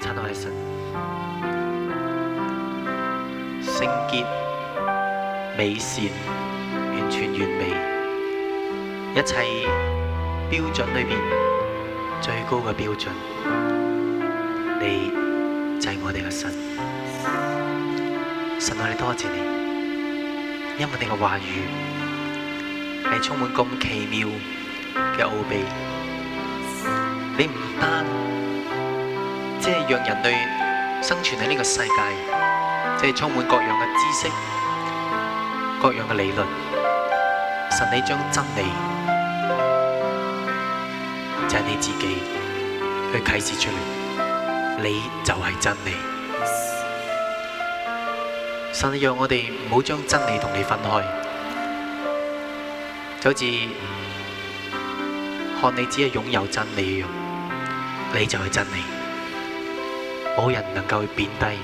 真我一身，聖潔美善，完全完美，一切標準裏邊最高嘅標準，你就係我哋嘅神。神，我哋多謝你，因為你嘅話語。係充滿咁奇妙嘅奧秘，你唔單只係讓人類生存喺呢個世界，即係充滿各樣嘅知識、各樣嘅理論。神你將真理就係你自己去啟示出嚟，你就係真理。神你讓我哋唔好將真理同你分開。就好似看，嗯、你只係擁有真理一樣，你就係真理，冇人能夠貶低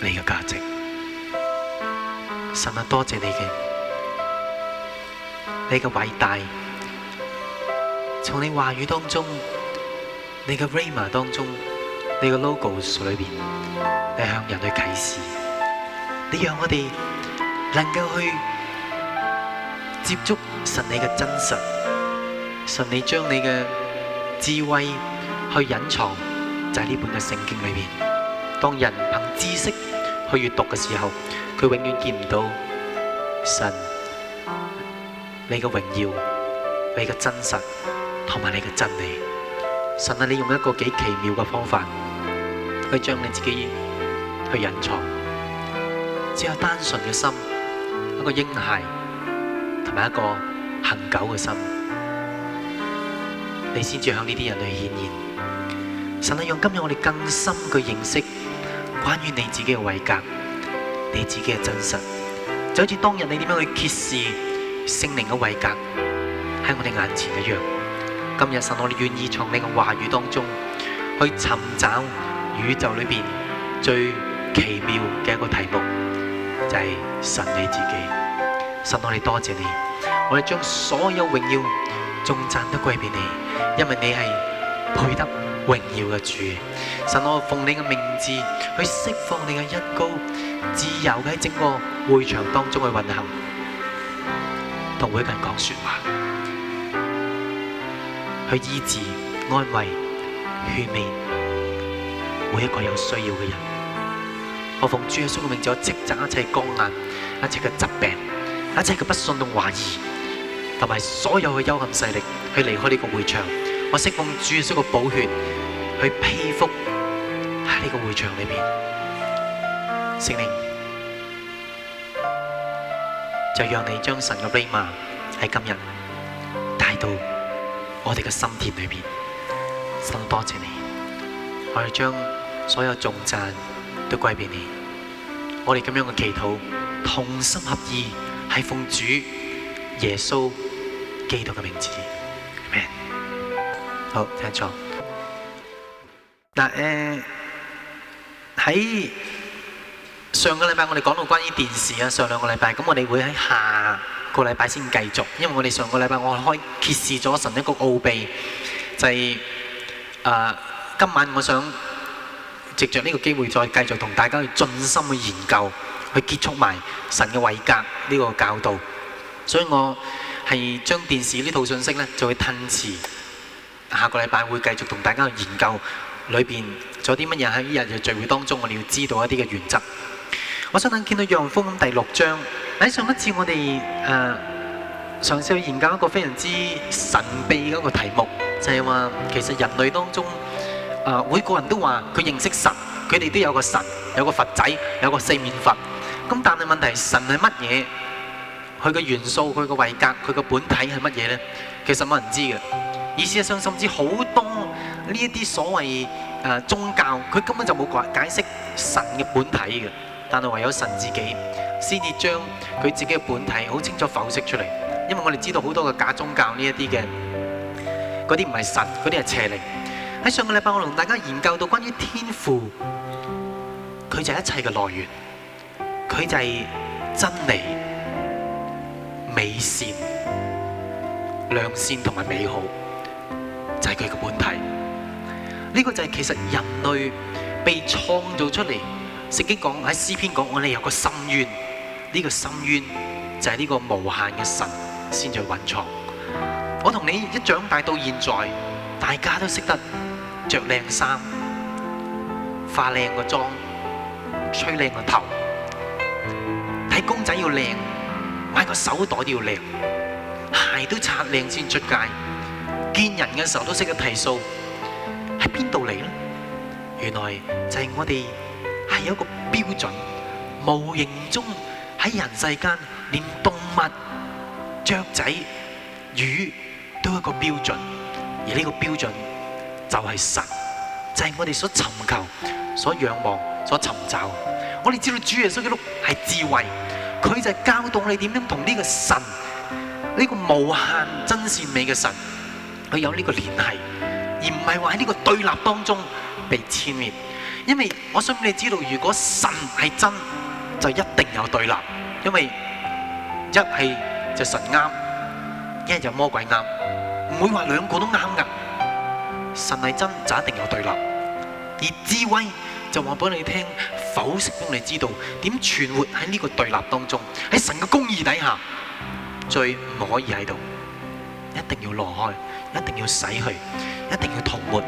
你嘅價值。神啊，多謝你嘅，你嘅偉大，從你話語當中，你嘅 Rhema 當中，你嘅 Logos 裏邊，你向人去啟示，你讓我哋能夠去。接觸神你嘅真實，神你將你嘅智慧，去隱藏就喺呢本嘅聖經裏面。當人憑知識去閱讀嘅時候，佢永遠見唔到神你嘅榮耀、你嘅真實同埋你嘅真理。神啊，你用一個幾奇妙嘅方法去將你自己去隱藏，只有單純嘅心，一個嬰孩，一個恆久嘅心，你先至向呢啲人去顯現。神啊，讓今日我哋更深嘅認識關於你自己嘅位格，你自己嘅真實，就好似當日你點樣去揭示聖靈嘅位格喺我哋眼前一樣。今日神，我哋願意從你嘅話語當中去尋找宇宙裏邊最奇妙嘅一個題目，就係神你自己。神，我哋多謝你。我哋將所有榮耀、頌讚都歸俾你，因為你係配得榮耀嘅主。神，我奉你嘅名字去釋放你嘅恩膏，自由喺整個會場當中去運行，同每一個人講說話，去醫治、安慰、勸勉每一個有需要嘅人。我奉主耶穌嘅名字，我去斥責一切光暗、一切嘅疾病、一切嘅不信同懷疑。同埋所有嘅幽暗勢力去離開呢個會場，我釋放主所個寶血去披覆喺呢個會場裏邊。聖靈就讓你將神嘅榮華喺今日帶到我哋嘅心田裏邊。神多謝你，我哋將所有重擔都歸俾你。我哋咁樣嘅祈禱，同心合意，係奉主耶穌基督嘅名字，amen。好，聽錯。嗱，誒，喺上個禮拜我哋講到關於電視啊，上兩個禮拜咁，我哋會喺下個禮拜先繼續，因為我哋上個禮拜我開揭示咗神一個奧秘，就係誒，今晚我想藉着呢個機會再繼續同大家去盡心去研究，去結束埋神嘅位格呢個教導，所以我。係將電視呢套信息呢，就會褪遲。下個禮拜會繼續同大家去研究裏邊做啲乜嘢，喺呢日嘅聚會當中，我哋要知道一啲嘅原則。我想等見到楊風第六章，喺上一次我哋誒上次去研究一個非常之神秘嗰個題目，就係話其實人類當中誒每個人都話佢認識神，佢哋都有個神，有個佛仔，有個四面佛。咁但係問題神係乜嘢？佢個元素、佢個位格、佢個本體係乜嘢咧？其實冇人知嘅。事實上，甚至好多呢一啲所謂誒宗教，佢根本就冇解解釋神嘅本體嘅。但係唯有神自己先至將佢自己嘅本體好清楚剖析出嚟。因為我哋知道好多嘅假宗教呢一啲嘅，嗰啲唔係神，嗰啲係邪靈。喺上個禮拜，我同大家研究到關於天父，佢就係一切嘅來源，佢就係真理。美善、良善同埋美好，就係佢個本體。呢、這個就係其實人類被創造出嚟。聖經講喺詩篇講，我哋有個深淵，呢、這個深淵就係呢個無限嘅神先至蘊藏。我同你一長大到現在，大家都識得着靚衫、化靚個妝、吹靚個頭，睇公仔要靚。買個手袋都要靚，鞋都擦靚先出街。見人嘅時候都識得提數，喺邊度嚟咧？原來就係我哋係有一個標準，無形中喺人世間，連動物、雀仔、魚都有一個標準。而呢個標準就係神，就係、是、我哋所尋求、所仰望、所尋找。我哋知道主耶穌基督係智慧。佢就教導你點樣同呢個神，呢個無限真善美嘅神，佢有呢個聯繫，而唔係話喺呢個對立當中被殲滅。因為我想俾你知道，如果神係真，就一定有對立，因為一係就神啱，一係就魔鬼啱，唔會話兩個都啱噶。神係真就一定有對立，而智慧就話俾你聽。否，識幫你知道點存活喺呢個對立當中，喺神嘅公義底下，最唔可以喺度，一定要挪開，一定要洗去，一定要塗抹。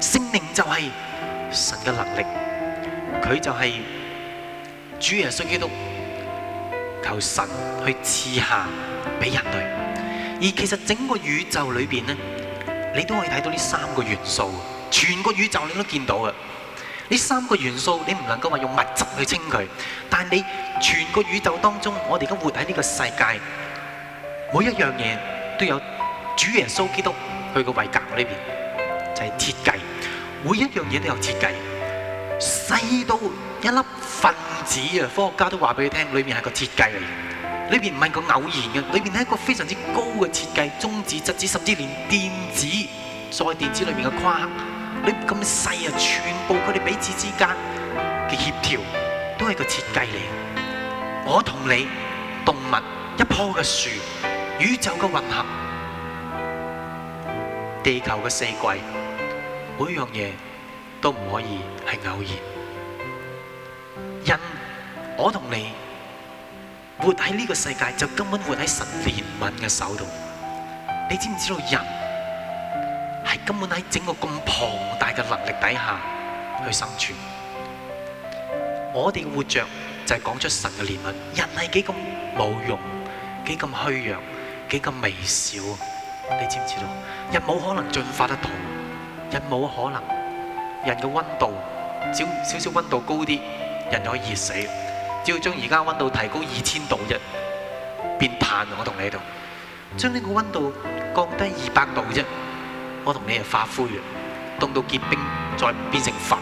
聖靈就係神嘅能力，佢就係主耶穌基督，求神去賜下俾人類。而其實整個宇宙裏邊呢，你都可以睇到呢三個元素，全個宇宙你都見到嘅。呢三個元素你唔能夠話用物質去稱佢，但係你全個宇宙當中，我哋而家活喺呢個世界，每一樣嘢都有主耶穌基督去個位格裏邊，就係設計。每一樣嘢都有設計，細到一粒分子啊，科學家都話俾你聽，裏邊係個設計嚟嘅。裏邊唔係個偶然嘅，裏邊係一個非常之高嘅設計，中指質子，甚至連電子所謂電子裏邊嘅夸克。你咁細啊！全部佢哋彼此之間嘅協調，都係個設計嚟。我同你，動物，一棵嘅樹，宇宙嘅混合，地球嘅四季，每樣嘢都唔可以係偶然。人，我同你，活喺呢個世界就根本活喺神憐憫嘅手度。你知唔知道人，根本喺整個咁龐大嘅能力底下去生存，我哋嘅活着就係講出神嘅憐憫。人係幾咁冇用，幾咁虛弱，幾咁微小，你知唔知道？人冇可能進化得到，人冇可能。人嘅温度，少少少温度高啲，人就可以熱死。只要將而家温度提高二千度啫，變碳。我同你喺度，將呢個温度降低二百度啫。我同你又化灰啊！凍到結冰，再變成粉。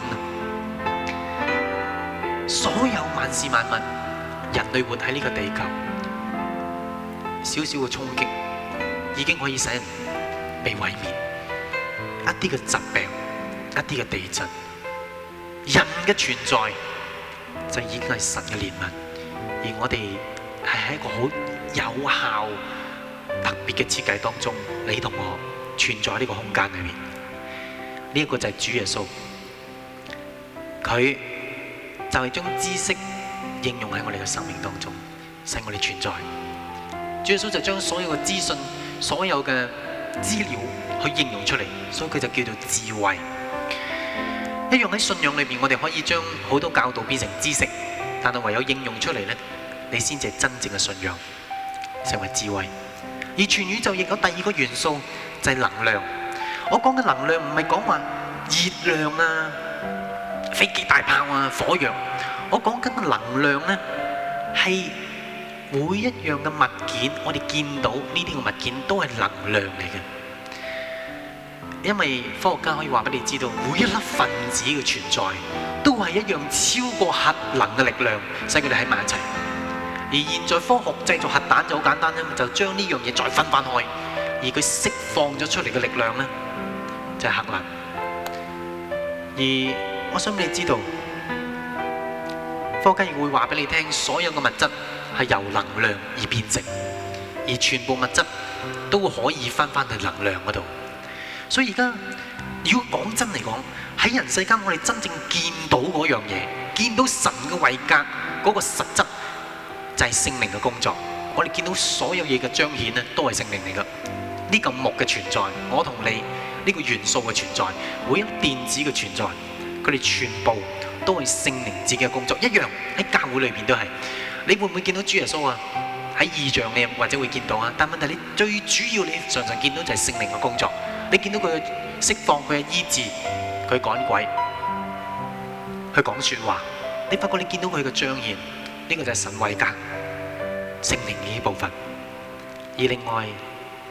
所有萬事萬物，人類活喺呢個地球，少少嘅衝擊已經可以使人被毀滅。一啲嘅疾病，一啲嘅地震，人嘅存在就已經係神嘅憐憫，而我哋係喺一個好有效、特別嘅設計當中。你同我。存在喺呢個空間裏面，呢一個就係主耶穌，佢就係將知識應用喺我哋嘅生命當中，使我哋存在。主耶穌就將所有嘅資訊、所有嘅資料去應用出嚟，所以佢就叫做智慧。一樣喺信仰裏面，我哋可以將好多教導變成知識，但係唯有應用出嚟咧，你先至係真正嘅信仰，成為智慧。而全宇宙亦有第二個元素。就係能量。我講嘅能量唔係講話熱量啊、飛機大炮啊、火藥。我講緊嘅能量咧，係每一樣嘅物件，我哋見到呢啲嘅物件都係能量嚟嘅。因為科學家可以話俾你知道，每一粒分子嘅存在都係一樣超過核能嘅力量，使佢哋喺埋一齊。而現在科學製造核彈就好簡單啫，就將呢樣嘢再分翻開。而佢釋放咗出嚟嘅力量咧，就係核能。而我想俾你知道，科學家會話俾你聽，所有嘅物質係由能量而變成，而全部物質都會可以翻返去能量嗰度。所以而家如果講真嚟講，喺人世間我哋真正見到嗰樣嘢，見到神嘅位格嗰個實質，就係聖靈嘅工作。我哋見到所有嘢嘅彰顯咧，都係聖靈嚟噶。呢個木嘅存在，我同你呢個元素嘅存在，每一電子嘅存在，佢哋全部都係聖靈自己嘅工作，一樣喺教會裏邊都係。你會唔會見到主耶穌啊？喺異象咩？或者會見到啊？但問題，你最主要，你常常見到就係聖靈嘅工作。你見到佢釋放佢嘅醫治，佢趕鬼，佢講説話。你發覺你見到佢嘅彰顯，呢個就係神位格聖靈嘅一部分。而另外，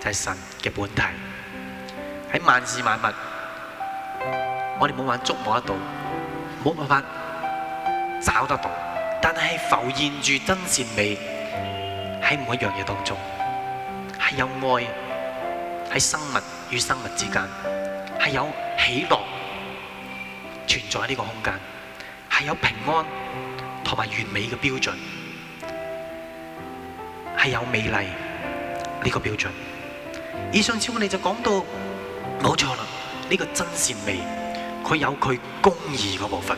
就係神嘅本體，喺萬事萬物，我哋冇辦法捉摸得到，冇辦法找得到，但係浮現住真善美喺每一樣嘢當中，係有愛喺生物與生物之間，係有喜樂存在喺呢個空間，係有平安同埋完美嘅標準，係有美麗呢個標準。以上次我哋就講到冇錯啦，呢、這個真善美佢有佢公義嘅部分，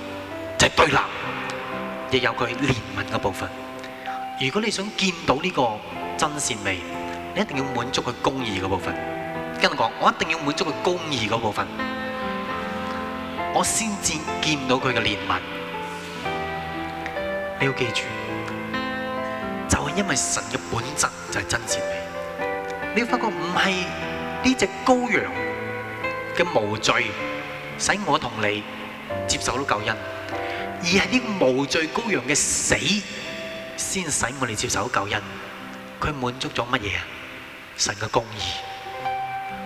就係、是、對立，亦有佢憐憫嘅部分。如果你想見到呢個真善美，你一定要滿足佢公義嘅部分。跟我講，我一定要滿足佢公義嗰部分，我先至見到佢嘅憐憫。你要記住，就係、是、因為神嘅本質就係真善美。你會發覺唔係呢隻羔羊嘅無罪，使我同你接受到救恩，而係啲無罪羔羊嘅死，先使我哋接受到救恩。佢滿足咗乜嘢啊？神嘅公義，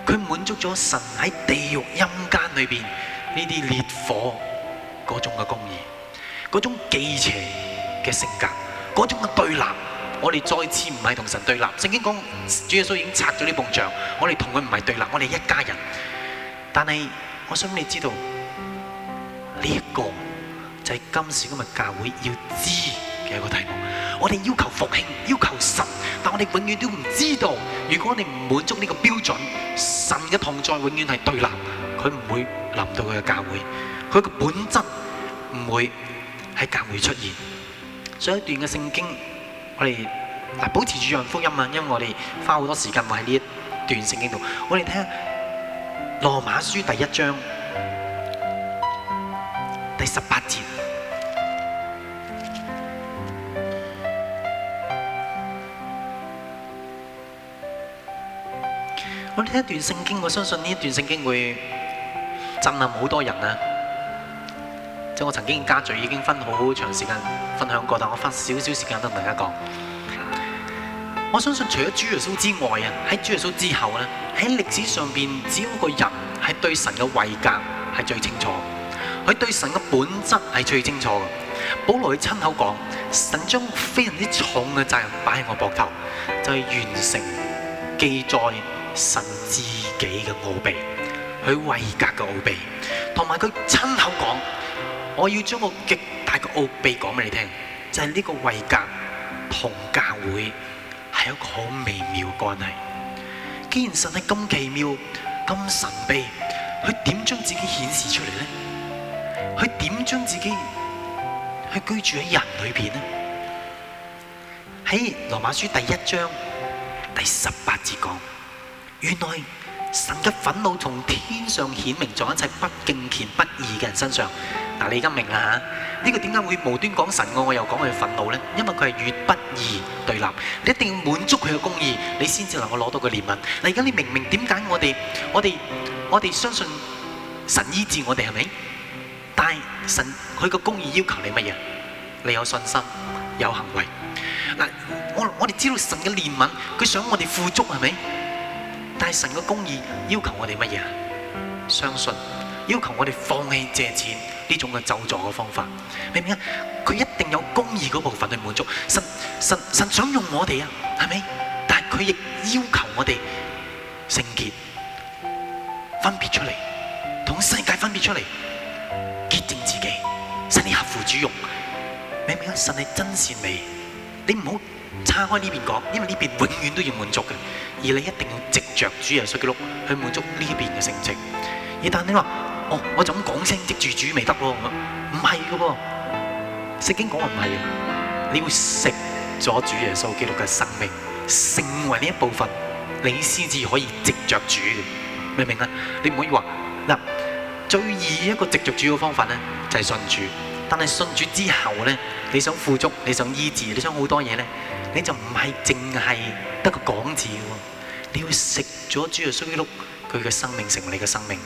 佢滿足咗神喺地獄陰間裏面呢啲烈火嗰種嘅公義，嗰種寄情嘅性格，嗰種嘅對立。我哋再次唔係同神對立，聖經講，主耶穌已經拆咗啲屏障，我哋同佢唔係對立，我哋一家人。但係我想你知道呢一個就係今時今日教會要知嘅一個題目。我哋要求復興，要求神，但我哋永遠都唔知道，如果你唔滿足呢個標準，神嘅同在永遠係對立，佢唔會臨到佢嘅教會，佢嘅本質唔會喺教會出現。所以一段嘅聖經。我哋啊保持住張福音啊，因為我哋花好多時間喎，喺呢一段聖經度，我哋睇下羅馬書第一章第十八節。我哋睇一段聖經，我相信呢一段聖經會震撼好多人啊！即係我曾經家聚已經分好長時間分享過，但我花少少時間同大家講。我相信除咗主耶穌之外啊，喺主耶穌之後咧，喺歷史上邊，只有個人係對神嘅位格係最清楚，佢對神嘅本質係最清楚。保羅佢親口講：神將非常之重嘅責任擺喺我膊頭，就係完成記載神自己嘅奧秘，佢位格嘅奧秘，同埋佢親口講。我要將個極大嘅奧秘講俾你聽，就係呢個位格同教會係一個好微妙嘅關係。既然神係咁奇妙、咁神秘，佢點將自己顯示出嚟咧？佢點將自己去居住喺人裏邊咧？喺羅馬書第一章第十八節講：原來神嘅憤怒從天上顯明在一切不敬虔、不義嘅人身上。嗱，你而家明啦嚇，呢個點解會無端講神愛，我又講佢憤怒咧？因為佢係與不義對立，你一定要滿足佢嘅公義，你先至能夠攞到佢憐憫。嗱，而家你明唔明點解我哋，我哋，我哋相信神醫治我哋係咪？但係神佢嘅公義要求你乜嘢？你有信心，有行為。嗱，我我哋知道神嘅憐憫，佢想我哋富足係咪？但係神嘅公義要求我哋乜嘢啊？相信，要求我哋放棄借錢。呢種嘅走坐嘅方法，明唔明啊？佢一定有公義嗰部分去滿足。神神神想用我哋啊，係咪？但係佢亦要求我哋聖潔，分別出嚟，同世界分別出嚟，潔淨自己，使你合乎主用。明唔明啊？神係真善美，你唔好岔開呢邊講，因為呢邊永遠都要滿足嘅，而你一定要藉著主耶穌基督去滿足呢一邊嘅聖潔。而但你話，哦，我就咁講聲，接住主未得喎？唔係嘅喎，聖經講唔係啊！你要食咗主耶穌基督嘅生命，成為呢一部分，你先至可以接著主，明唔明啊？你唔可以話嗱，最易一個接著主嘅方法咧，就係信主。但係信主之後咧，你想富足，你想醫治，你想好多嘢咧，你就唔係淨係得個講字喎，你要食咗主耶穌基督佢嘅生命，成為你嘅生命。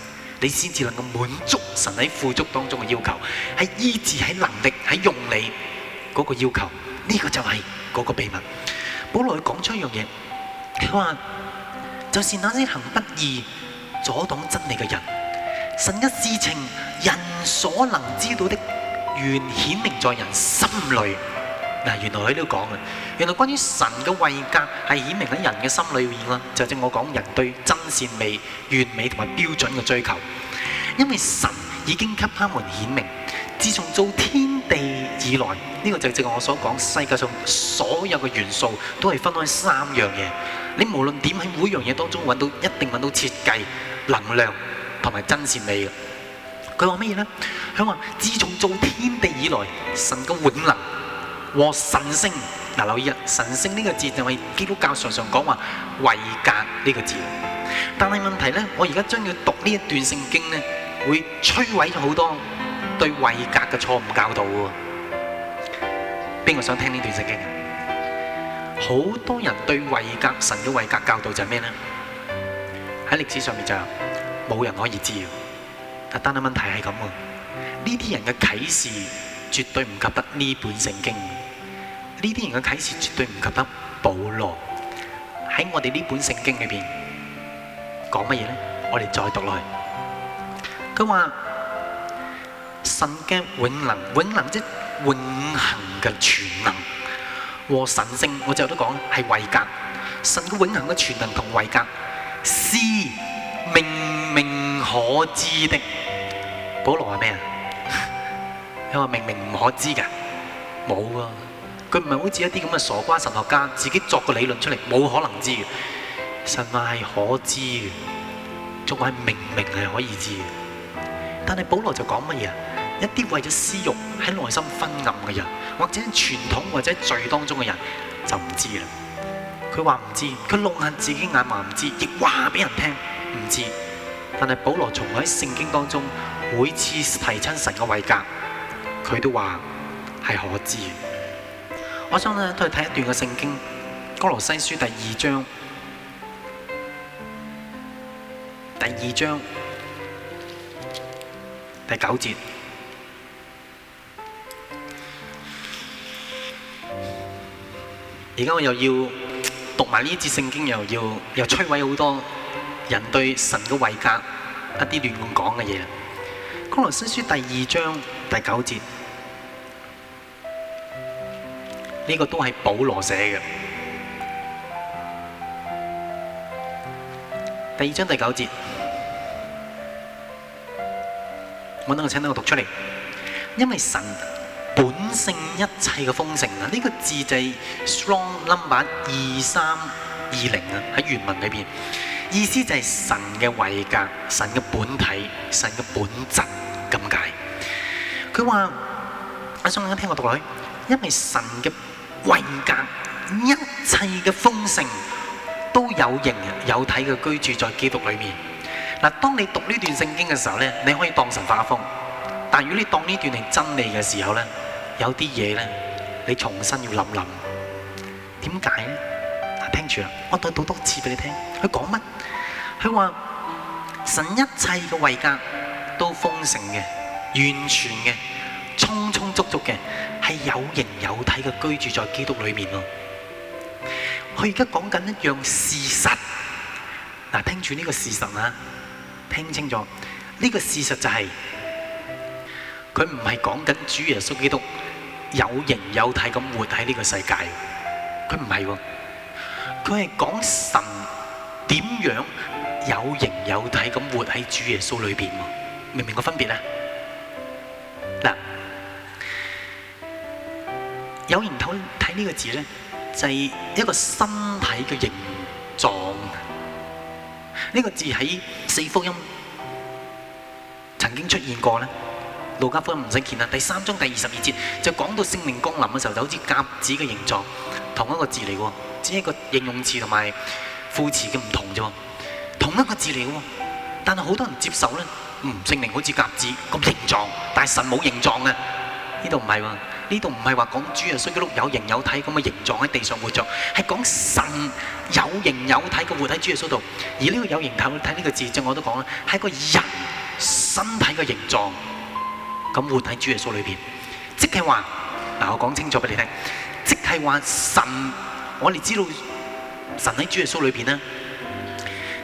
你先至能夠滿足神喺富足當中嘅要求，係醫治係能力係用你嗰個要求，呢個就係嗰個秘密。保羅講出一樣嘢，佢話，就是那些行不義、阻擋真理嘅人，神嘅事情人所能知道的，原顯明在人心裏。嗱，原來佢都講啊，原來關於神嘅位格係顯明喺人嘅心裏面啦。就正如我講人對真善美、完美同埋標準嘅追求，因為神已經給他們顯明。自從造天地以來，呢個就正如我所講，世界上所有嘅元素都係分開三樣嘢。你無論點喺每樣嘢當中揾到，一定揾到設計、能量同埋真善美啦。佢話乜嘢咧？佢話自從造天地以來，神嘅永能。和神聖。嗱，留意啊，神聖呢個字就係基督教常常講話位格呢個字，但係問題咧，我而家將要讀呢一段聖經咧，會摧毀咗好多對位格嘅錯誤教導嘅。邊個想聽呢段聖經啊？好多人對位格神嘅位格教導就係咩咧？喺歷史上面就冇、是、冇人可以知嘅。但係問題係咁，呢啲人嘅啟示絕對唔及得呢本聖經。呢啲人嘅啟示絕對唔及得保羅，喺我哋呢本聖經裏邊講乜嘢咧？我哋再讀落去，佢話神嘅永能、永能即永恆嘅全、全能和神性，我就都講係位格。神嘅永恆嘅全能同位格是明明可知的。保羅係咩人？佢 話明明唔可知噶，冇啊。佢唔係好似一啲咁嘅傻瓜神學家，自己作個理論出嚟，冇可能知嘅。神話係可知嘅，仲係明明係可以知嘅。但係保羅就講乜嘢？一啲為咗私欲，喺內心昏暗嘅人，或者傳統或者罪當中嘅人，就唔知啦。佢話唔知，佢矇瞞自己眼盲唔知，亦話俾人聽唔知。但係保羅從來喺聖經當中每次提親神嘅位格，佢都話係可知嘅。我想咧都去睇一段嘅聖經《哥羅西書》第二章，第二章第九節。而家我又要讀埋呢節聖經，又又要又摧毀好多人對神嘅位格，一啲亂講嘅嘢。《哥羅西書》第二章第九節。呢個都係保羅寫嘅。第二章第九節，揾到個請單，我讀出嚟。因為神本性一切嘅豐盛，嗱、這、呢個字就 strong number 二三二零啊，喺原文裏邊意思就係神嘅位格、神嘅本體、神嘅本質咁解。佢話：阿想想聽我讀落去，因為神嘅位格一切嘅豐盛都有形嘅有體嘅居住在基督裏面。嗱，當你讀呢段聖經嘅時候咧，你可以當神發瘋；但係如果你當呢段係真理嘅時候咧，有啲嘢咧，你重新要諗諗。點解咧？聽住啦，我再讀多次俾你聽。佢講乜？佢話神一切嘅位格都豐盛嘅，完全嘅，充充足足嘅。係有形有體嘅居住在基督裏面咯。佢而家講緊一樣事實，嗱，聽住呢個事實啊，聽清楚，呢、呢個事實就係佢唔係講緊主耶穌基督有形有體咁活喺呢個世界，佢唔係喎，佢係講神點樣有形有體咁活喺主耶穌裏面。明唔明個分別啊？有人究睇呢個字呢，就係、是、一個身體嘅形狀。呢、這個字喺四福音曾經出現過呢，路加福音唔使見啊，第三章第二十二節就講到聖靈降臨嘅時候，就好似鴿子嘅形狀，同一個字嚟嘅，只係個形容詞，和詞同埋副詞嘅唔同啫。同一個字嚟嘅，但係好多人接受呢，嗯，聖靈好似鴿子咁形狀，但係神冇形狀嘅，呢度唔係喎。呢度唔係話講主耶穌嗰度有形有體咁嘅形狀喺地上活着，係講神有形有體嘅活喺主耶穌度，而呢個有形有體呢個字，正如我都講啦，係個人身體嘅形狀，咁活喺主耶穌裏邊，即係話嗱，我講清楚俾你聽，即係話神，我哋知道神喺主耶穌裏邊啦，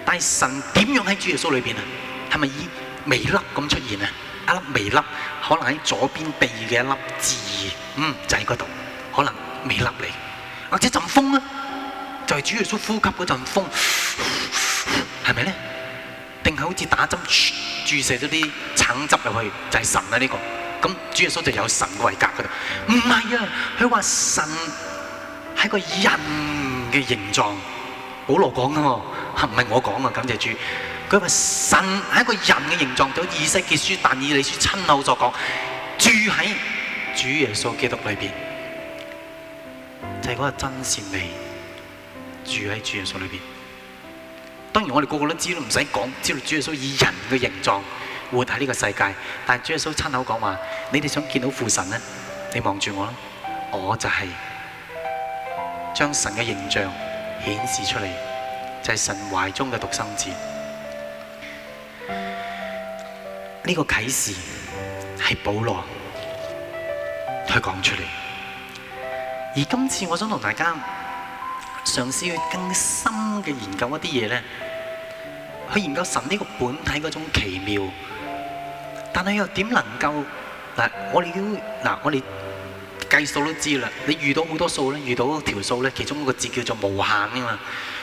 但係神點樣喺主耶穌裏邊啊？係咪以微粒咁出現啊？一粒微粒，可能喺左邊鼻嘅一粒痣，嗯，就喺嗰度，可能微粒嚟，或者陣風啊，就係、是、主耶穌呼吸嗰陣風，係咪咧？定係好似打針注射咗啲橙汁入去，就係、是、神啊呢、這個，咁、嗯、主耶穌就有神嘅位格度，唔係啊，佢話神係個人嘅形狀，保羅講噶喎，唔、啊、係我講啊，感謝主。佢話神係一個人嘅形狀，就是《以西結書》，但以理書親口所講，住喺主耶穌基督裏面，就係嗰個真善美，住喺主耶穌裏面。當然我哋個個都知道，都唔使講，知道主耶穌以人嘅形狀活喺呢個世界。但主耶穌親口講話：你哋想見到父神咧，你望住我啦，我就係將神嘅形象顯示出嚟，就係神懷中嘅獨生子。呢個啟示係保羅去講出嚟，而今次我想同大家嘗試去更深嘅研究一啲嘢咧，去研究神呢個本體嗰種奇妙，但係又點能夠？嗱，我哋都，嗱，我哋計數都知啦，你遇到好多數咧，遇到嗰條數咧，其中一個字叫做無限吖嘛。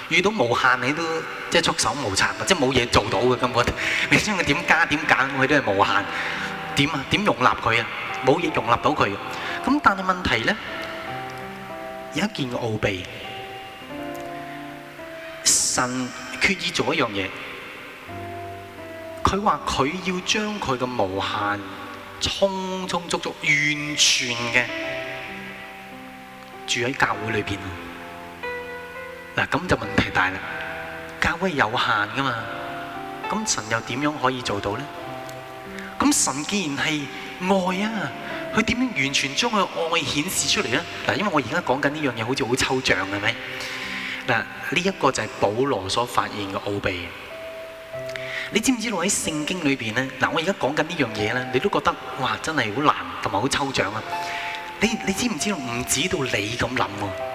遇到無限，你都即係束手無策，即係冇嘢做到嘅根本。你將佢點加點減，佢都係無限。點啊？點容納佢啊？冇嘢容納到佢。咁但係問題咧，有一件奧秘，神決意做一樣嘢。佢話佢要將佢嘅無限，充充足足，完全嘅住喺教會裏邊。嗱，咁就問題大啦。教會有限噶嘛，咁神又點樣可以做到咧？咁神既然係愛啊，佢點樣完全將佢愛顯示出嚟咧？嗱，因為我而家講緊呢樣嘢好似好抽象，係咪？嗱呢一個就係保羅所發現嘅奧秘。你知唔知道喺聖經裏邊咧？嗱，我而家講緊呢樣嘢咧，你都覺得哇，真係好難同埋好抽象啊！你你知唔知道？唔止到你咁諗喎。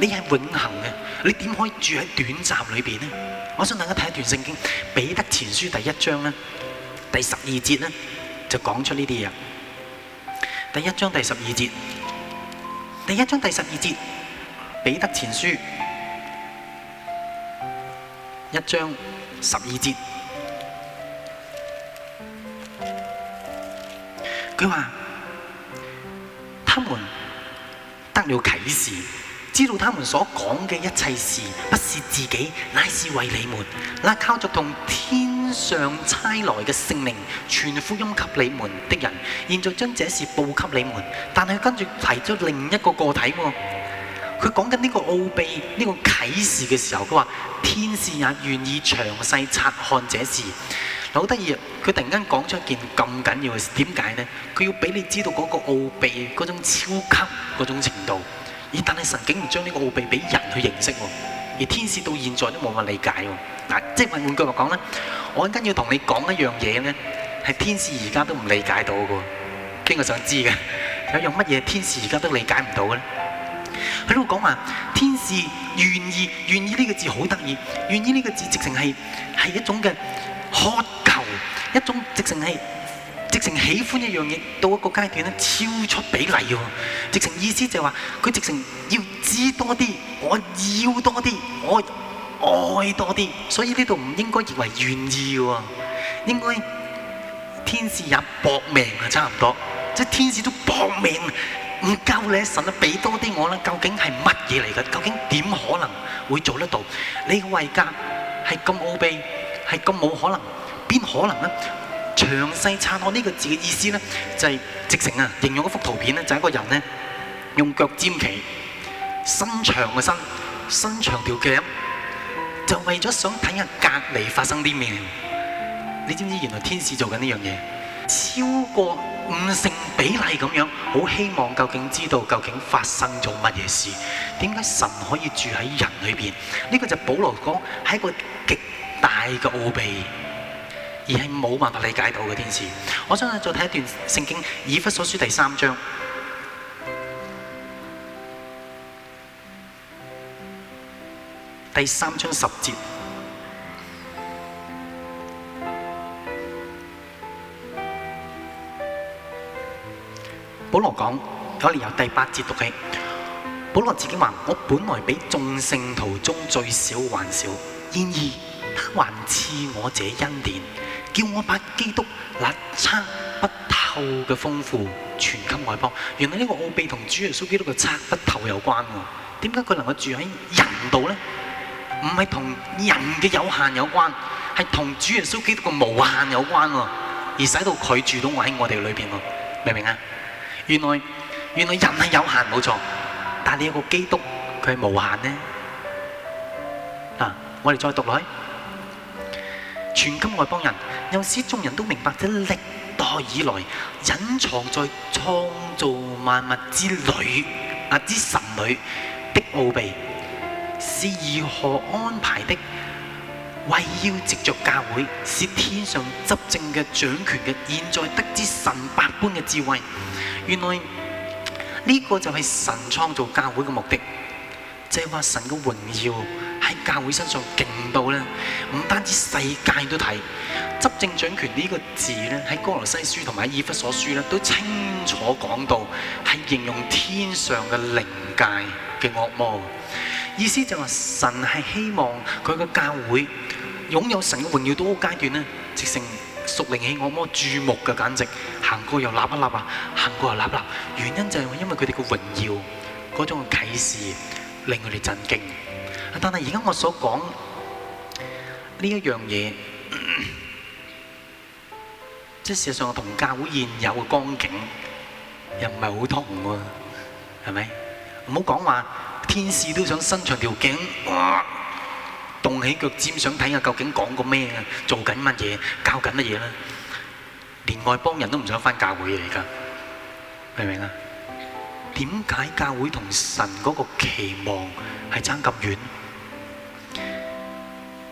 你係永恆嘅，你點可以住喺短暫裏邊呢？我想大家睇一段聖經，《彼得前書》第一章呢，第十二節呢，就講出呢啲嘢。第一章第十二節，第一章第十二節，《彼得前書》一章十二節，佢話：他們得了啟示。知道他們所講嘅一切事，不是自己，乃是為你們。那靠着同天上差來嘅聖靈傳福音給你們的人，現在將這事報給你們。但係跟住提出另一個個體。佢講緊呢個奧秘、呢個啟示嘅時候，佢話天使也願意詳細察看這事。好得意，佢突然間講出一件咁緊要嘅事，點解呢？佢要俾你知道嗰個奧秘嗰種超級嗰種程度。但係神竟然將呢個奧秘畀人去認識喎，而天使到現在都冇乜理解喎。嗱，即係換句話講咧，我陣間要同你講一樣嘢咧，係天使而家都唔理解到嘅。邊個想知嘅？有樣乜嘢？天使而家都理解唔到嘅咧。喺度講話，天使願意，願意呢個字好得意，願意呢個字直情係係一種嘅渴求，一種直情係。直情喜歡一樣嘢到一個階段咧，超出比例嘅喎。直情意思就係話，佢直情要知多啲，我要多啲，我愛多啲。所以呢度唔應該以為願意嘅喎，應該天使也搏命呀，差唔多，即係天使都搏命，唔夠你，神啊，俾多啲我啦。究竟係乜嘢嚟㗎？究竟點可能會做得到？你個位格係咁奧秘，係咁冇可能，邊可能咧？詳細察看呢個字嘅意思咧，就係、是、直情啊，形容嗰幅圖片咧，就是、一個人咧用腳尖企，伸長嘅身，伸長條頸，就為咗想睇下隔籬發生啲咩。你知唔知原來天使做緊呢樣嘢，超過五成比例咁樣，好希望究竟知道究竟發生咗乜嘢事？點解神可以住喺人裏邊？呢、這個就保羅講係一個極大嘅奧秘。而係冇辦法理解到嘅天使。我想啊，再睇一段聖經《以弗所書》第三章，第三章十節。保羅講：我哋由第八節讀起。保羅自己話：我本來比眾聖徒中最小還小，然而他還賜我這恩典。叫我把基督那測不透嘅豐富傳給外邦。原來呢個奧秘同主耶穌基督嘅測不透有關喎。點解佢能夠住喺人度咧？唔係同人嘅有限有關，係同主耶穌基督嘅無限有關喎，而使到佢住到我喺我哋裏邊喎。明唔明啊？原來，原來人係有限，冇錯，但係有個基督佢係無限咧。嗱，我哋再讀落去。傳給外邦人。有時眾人都明白，這歷代以來隱藏在創造萬物之女、阿、啊、之神裡的奧秘是如何安排的。為要藉著教會，是天上執政嘅掌權嘅，現在得知神百般嘅智慧。原來呢、呢個就係神創造教會嘅目的，即係話神嘅榮耀，喺教會身上勁到咧，唔單止世界都睇，執政掌權呢個字咧，喺哥羅西書同埋以弗所書咧都清楚講到，係形容天上嘅靈界嘅惡魔。意思就話神係希望佢個教會擁有神嘅榮耀，到個階段咧，直成熟靈起惡魔注目嘅，簡直行過又立一立啊，行過又立一立。原因就係因為佢哋嘅榮耀嗰種啟示，令佢哋震驚。但係而家我所講呢一樣嘢、嗯，即係事實上我同教會現有嘅光景又唔係好同喎，係咪？唔好講話天使都想伸長條頸，棟起腳尖想睇下究竟講個咩，做緊乜嘢，教緊乜嘢啦？連外邦人都唔想返教會嚟㗎，明唔明啊？點解教會同神嗰個期望係差咁遠？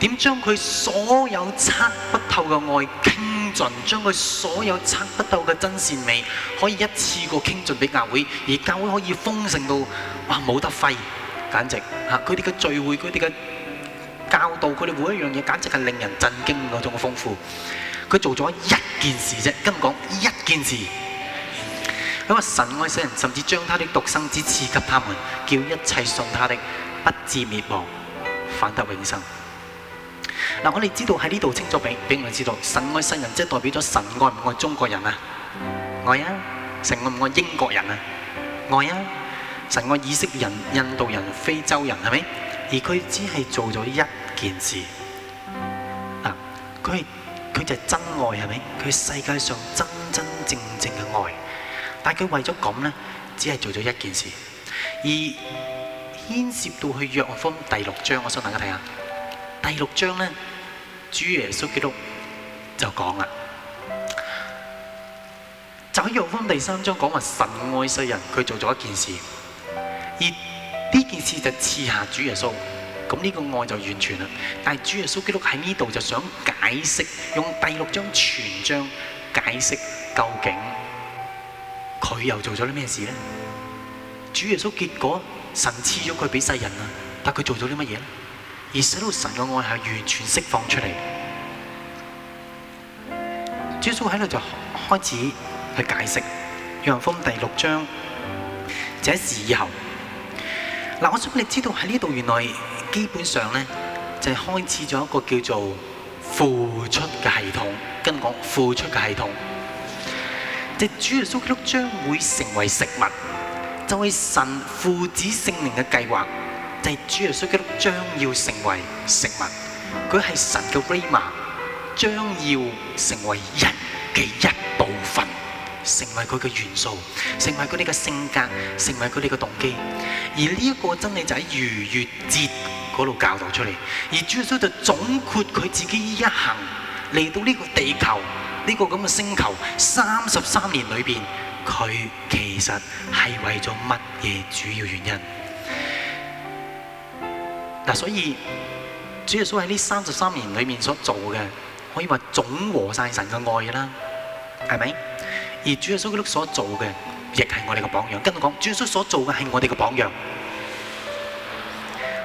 點將佢所有測不透嘅愛傾盡，將佢所有測不透嘅真善美可以一次過傾盡俾教會，而教會可以豐盛到哇冇得揮，簡直嚇！佢哋嘅聚會，佢哋嘅教導，佢哋每一樣嘢，簡直係令人震驚嗰種豐富。佢做咗一件事啫，跟住講一件事，因為神愛世人，甚至將他的獨生子賜給他們，叫一切信他的，不至滅亡，反得永生。嗱、嗯，我哋知道喺呢度清楚俾俾我哋知道，神愛世人，即係代表咗神愛唔愛中國人啊？愛、嗯、啊！神愛唔愛英國人啊？愛、嗯、啊！神愛以色列人、印度人、非洲人係咪？而佢只係做咗一件事，嗱、啊，佢佢就係真愛係咪？佢世界上真真正正嘅愛，但係佢為咗咁咧，只係做咗一件事，而牽涉到去約翰第六章，我想大家睇下。第六章咧，主耶穌基督就講啦，就喺用翻第三章講話，神愛世人，佢做咗一件事，而呢件事就賜下主耶穌，咁呢個愛就完全啦。但係主耶穌基督喺呢度就想解釋，用第六章全章解釋究竟佢又做咗啲咩事咧？主耶穌結果，神賜咗佢俾世人啊，但佢做咗啲乜嘢咧？而使到神嘅愛係完全釋放出嚟，主耶穌喺度就開始去解釋約翰第六章，就一時候，嗱，我想你知道喺呢度原來基本上咧就係開始咗一個叫做付出嘅系統，跟講付出嘅系統，即係主耶穌基督將會成為食物，就係神父子聖靈嘅計劃。就係主耶穌基督將要成為食物，佢係神嘅 Ray 嘛，將要成為人嘅一部分，成為佢嘅元素，成為佢哋嘅性格，成為佢哋嘅動機。而呢一個真理就喺逾越節嗰度教導出嚟。而主耶穌就總括佢自己一行嚟到呢個地球呢個咁嘅星球三十三年裏邊，佢其實係為咗乜嘢主要原因？嗱，所以主耶穌喺呢三十三年裏面所做嘅，可以話總和晒神嘅愛㗎啦，係咪？而主耶穌所做嘅，亦係我哋嘅榜樣。跟佢講，主耶穌所做嘅係我哋嘅榜樣。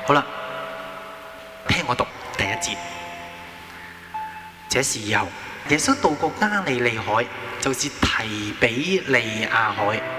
好啦，聽我讀第一節。這事以後，耶穌渡過加利利海，就至、是、提比利亞海。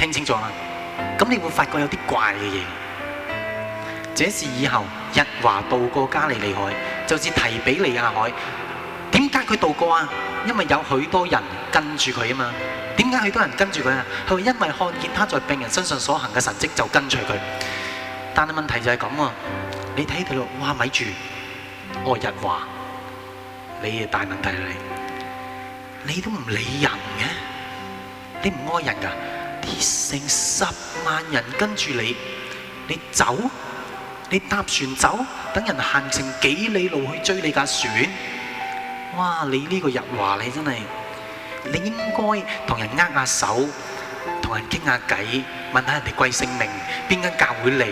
聽清楚啦，咁你會發覺有啲怪嘅嘢。這事以後，日華渡過加利利海，就是提比利亞海。點解佢渡過啊？因為有許多人跟住佢啊嘛。點解許多人跟住佢啊？係咪因為看見他在病人身上所行嘅神迹就跟隨佢？但係問題就係咁啊！你睇佢度，哇咪住，我日華，你嘅大問題嚟，你都唔理人嘅，你唔愛人噶。成十萬人跟住你，你走，你搭船走，等人行成幾里路去追你架船，哇！你呢個日華你真係，你應該同人握下手，同人傾下偈，問下人哋貴姓名，邊間教會嚟？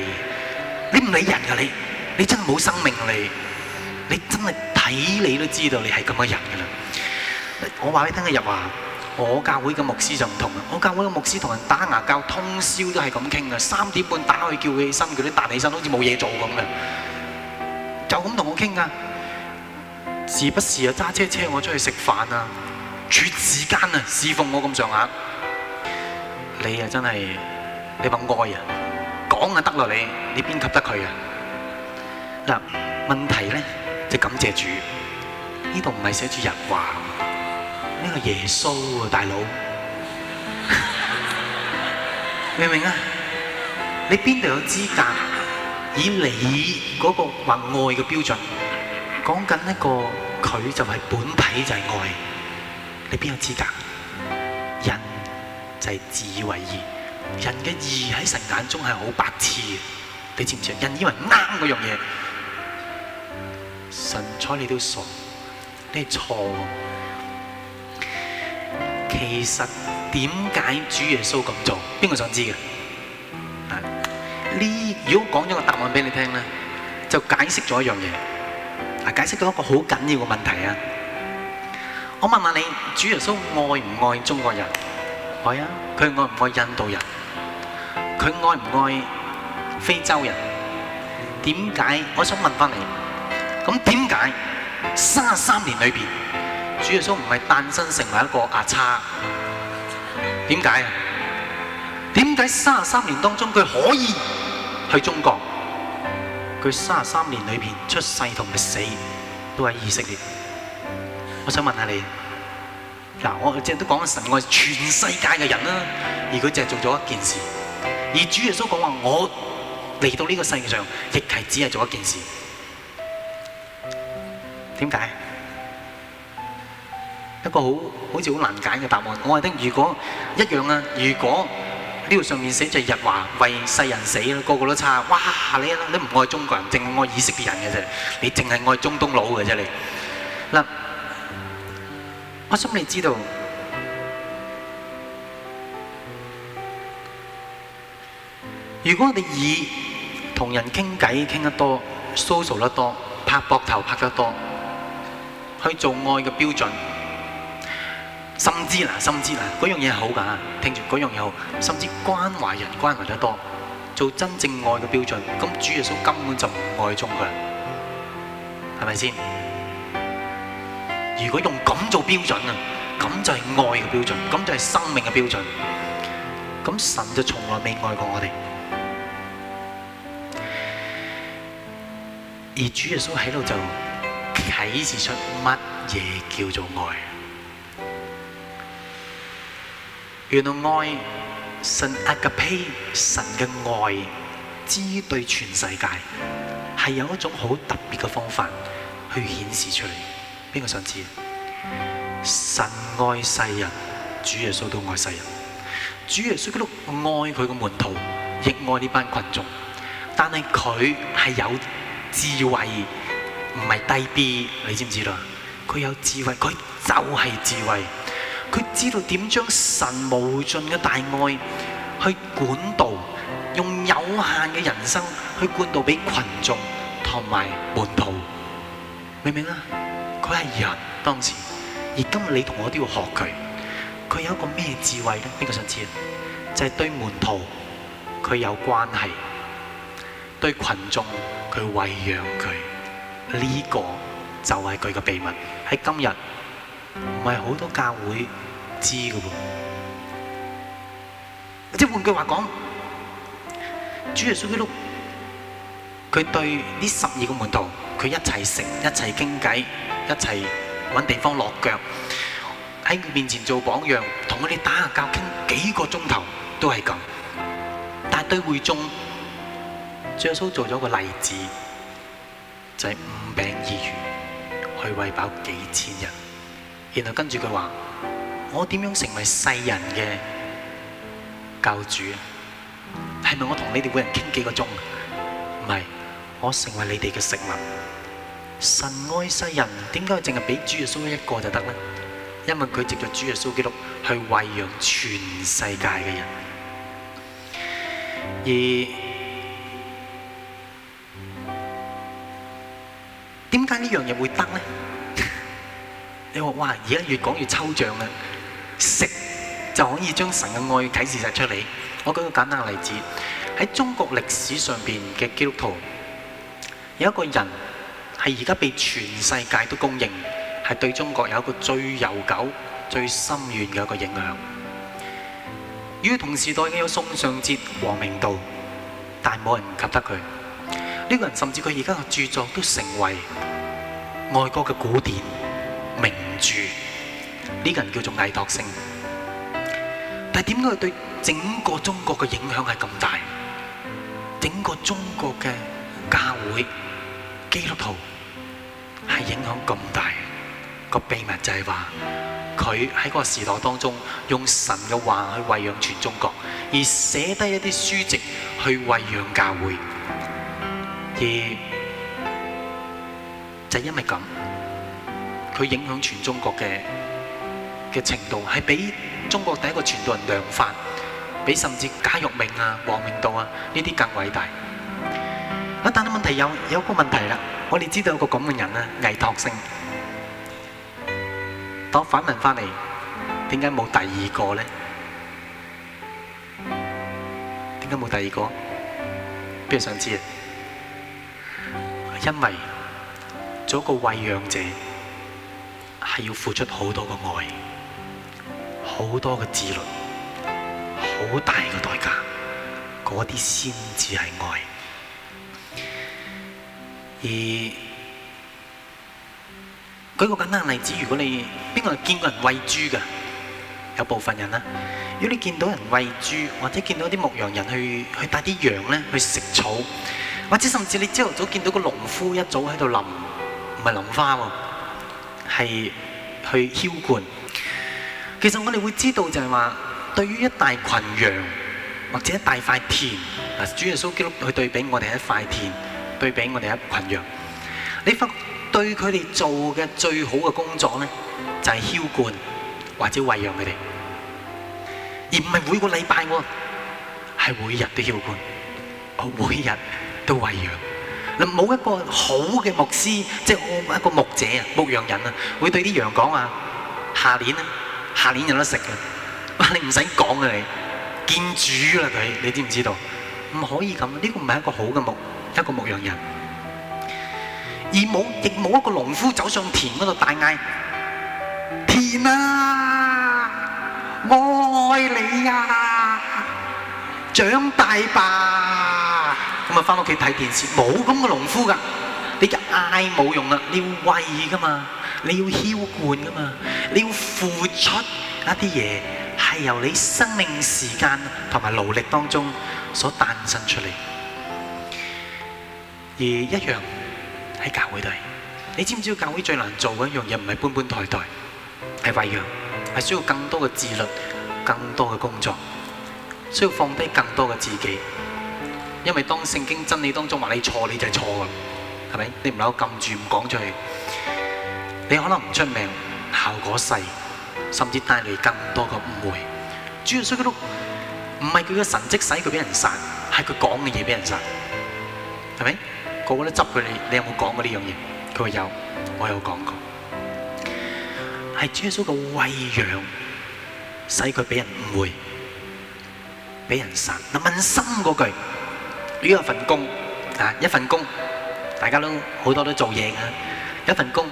你唔理人噶你，你真係冇生命嚟，你真係睇你都知道你係咁嘅人噶啦，我話俾你聽嘅日華。日華我教會嘅牧師就唔同啦，我教會嘅牧師同人打牙膠，通宵都係咁傾噶，三點半打去叫佢起身，佢都彈起身，好似冇嘢做咁嘅，就咁同我傾噶，時不時又揸車車我出去食飯啊，絕時間啊侍奉我咁上下，你啊真係你話愛啊講就得咯你，你邊及得佢啊嗱？問題咧就感謝主，呢度唔係寫住人話。呢個耶穌啊大佬明唔明啊？ 明明，你邊度有資格以你嗰個話愛嘅標準講緊一個佢就係本體就係愛，你邊有資格？人就係自以為義，人嘅義喺神眼中係好白痴嘅，你知唔知啊？人以為啱嗰樣嘢，神睬你都傻，你係錯喎。其實點解主耶穌咁做？邊個想知嘅？呢，如果講咗個答案俾你聽咧，就解釋咗一樣嘢，啊，解釋咗一個好緊要嘅問題啊！我問問你，主耶穌愛唔愛中國人？愛啊！佢愛唔愛印度人？佢愛唔愛非洲人？點解？我想問翻你，咁點解三三年裏邊？主耶穌唔係誕生成為一個阿叉，點解啊？點解三十三年當中佢可以去中國？佢三十三年裏面出世同埋死都喺以色列。我想問下你，嗱，我淨係都講神愛全世界嘅人啦，而佢淨係做咗一件事，而主耶穌講話我嚟到呢個世界上亦係只係做一件事，點解？一個好好似好難揀嘅答案。我話聽，如果一樣啊，如果呢度上面寫住日華為世人死啦，個個都差哇！你啊，你唔愛中國人，淨係愛以色列人嘅啫，你淨係愛中東佬嘅啫。你嗱，我心你知道，如果我哋以同人傾偈傾得多，social 得多，拍膊頭拍得多，去做愛嘅標準。甚至嗱，甚至嗱，嗰樣嘢係好噶，聽住嗰樣嘢好。甚至關懷人關懷得多，做真正愛嘅標準，咁主耶穌根本就唔愛眾佢，係咪先？如果用咁做標準啊，咁就係愛嘅標準，咁就係生命嘅標準。咁神就從來未愛過我哋，而主耶穌喺度就啟示出乜嘢叫做愛。原來愛神阿 Agape，神嘅愛之對全世界係有一種好特別嘅方法去顯示出嚟。邊個想知啊？神愛世人，主耶穌都愛世人。主耶穌基督愛佢嘅門徒，亦愛呢班群眾。但係佢係有智慧，唔係低 B，你知唔知道？佢有智慧，佢就係智慧。佢知道點將神無盡嘅大愛去管道，用有限嘅人生去管道俾群眾同埋門徒，明唔明啊？佢係人當時人，而今日你同我都要學佢。佢有一個咩智慧咧？邊個想知啊？就係、是、對門徒佢有關係，對群眾佢餵養佢，呢、這個就係佢嘅秘密喺今日。唔係好多教會知噶噃。即係換句話講，主耶穌基督佢對呢十二個門徒，佢一齊食，一齊傾偈，一齊搵地方落腳，喺佢面前做榜樣，同佢哋打下交傾幾個鐘頭都係咁，但對會眾，耶穌做咗個例子，就係五餅二魚去餵飽幾千人。然後跟住佢話：我點樣成為世人嘅教主啊？係咪我同你哋每人傾幾個鐘？唔係，我成為你哋嘅食物。神愛世人，點解淨係俾主耶穌一個就得呢？因為佢藉着主耶穌基督去餵養全世界嘅人。而點解呢樣嘢會得呢？你話哇！而家越講越抽象啊！食就可以將神嘅愛啟示曬出嚟。我舉個簡單嘅例子，喺中國歷史上邊嘅基督徒，有一個人係而家被全世界都公認係對中國有一個最悠久、最深遠嘅一個影響。與同時代嘅有宋尚節、王明道，但冇人及得佢。呢個人甚至佢而家嘅著作都成為外國嘅古典。住呢個人叫做倪柝聲，但係點解佢對整個中國嘅影響係咁大？整個中國嘅教會、基督徒係影響咁大？個秘密就係話佢喺嗰個時代當中，用神嘅話去餵養全中國，而寫低一啲書籍去餵養教會。而就係因為咁。佢影響全中國嘅嘅程度，係比中國第一個傳道人梁發，比甚至賈玉銘啊、王明道啊呢啲更偉大。啊，但係問題有有個問題啦，我哋知道有個咁嘅人咧，倪柝聲。當我反問翻嚟，點解冇第二個咧？點解冇第二個？邊個想知啊？因為做一個餵養者。係要付出好多嘅愛，好多嘅自律，好大嘅代價，嗰啲先至係愛。而舉個簡單例子，如果你邊個見過人餵豬嘅，有部分人啦、啊，如果你見到人餵豬，或者見到啲牧羊人去去帶啲羊咧去食草，或者甚至你朝頭早見到個農夫一早喺度淋，唔係淋花喎、啊，係，去澆灌，其實我哋會知道就係話，對於一大群羊或者一大塊田，主耶穌基督去對比我哋一塊田，對比我哋一羣羊，你發覺對佢哋做嘅最好嘅工作咧，就係澆灌或者餵養佢哋，而唔係每個禮拜喎、啊，係每日都澆灌，我每日都餵養。嗱，冇一個好嘅牧師，即係一個牧者啊，牧羊人啊，會對啲羊講啊，下年啊，下年有得食嘅，哇！你唔使講啊，你見主啦佢，你知唔知道？唔可以咁，呢個唔係一個好嘅牧，一個牧羊人。而冇亦冇一個農夫走上田嗰度大嗌：田啊，我愛你啊！長大吧，咁啊，翻屋企睇電視，冇咁嘅農夫噶，你嘅嗌冇用啦，你要餵噶嘛，你要澆灌噶嘛，你要付出一啲嘢，係由你生命時間同埋勞力當中所誕生出嚟。而一樣喺教會度，你知唔知教會最難做嘅一樣嘢，唔係搬搬抬抬，係餵養，係需要更多嘅自律，更多嘅工作。需要放低更多嘅自己，因為當聖經真理當中話你錯，你就係錯噶啦，係咪？你唔好撳住唔講出去，你可能唔出名，效果細，甚至帶嚟更多嘅誤會。主耶穌嗰度唔係佢嘅神蹟使佢俾人殺，係佢講嘅嘢俾人殺，係咪？個個都執佢，你，你有冇講過呢樣嘢？佢話有，我有講過，係主耶穌嘅餵養使佢俾人誤會。俾人殺嗱，問心嗰句，如果有份工啊，一份工，大家都好多都做嘢噶，一份工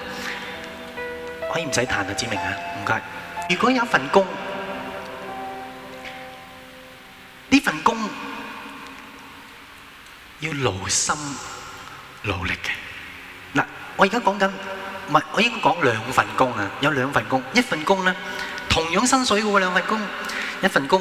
可以唔使彈啊，志明啊，唔該。如果有一份工，呢份工要勞心勞力嘅嗱，我而家講緊唔係，我應該講兩份工啊，有兩份工，一份工咧同樣薪水嘅喎，兩份工，一份工。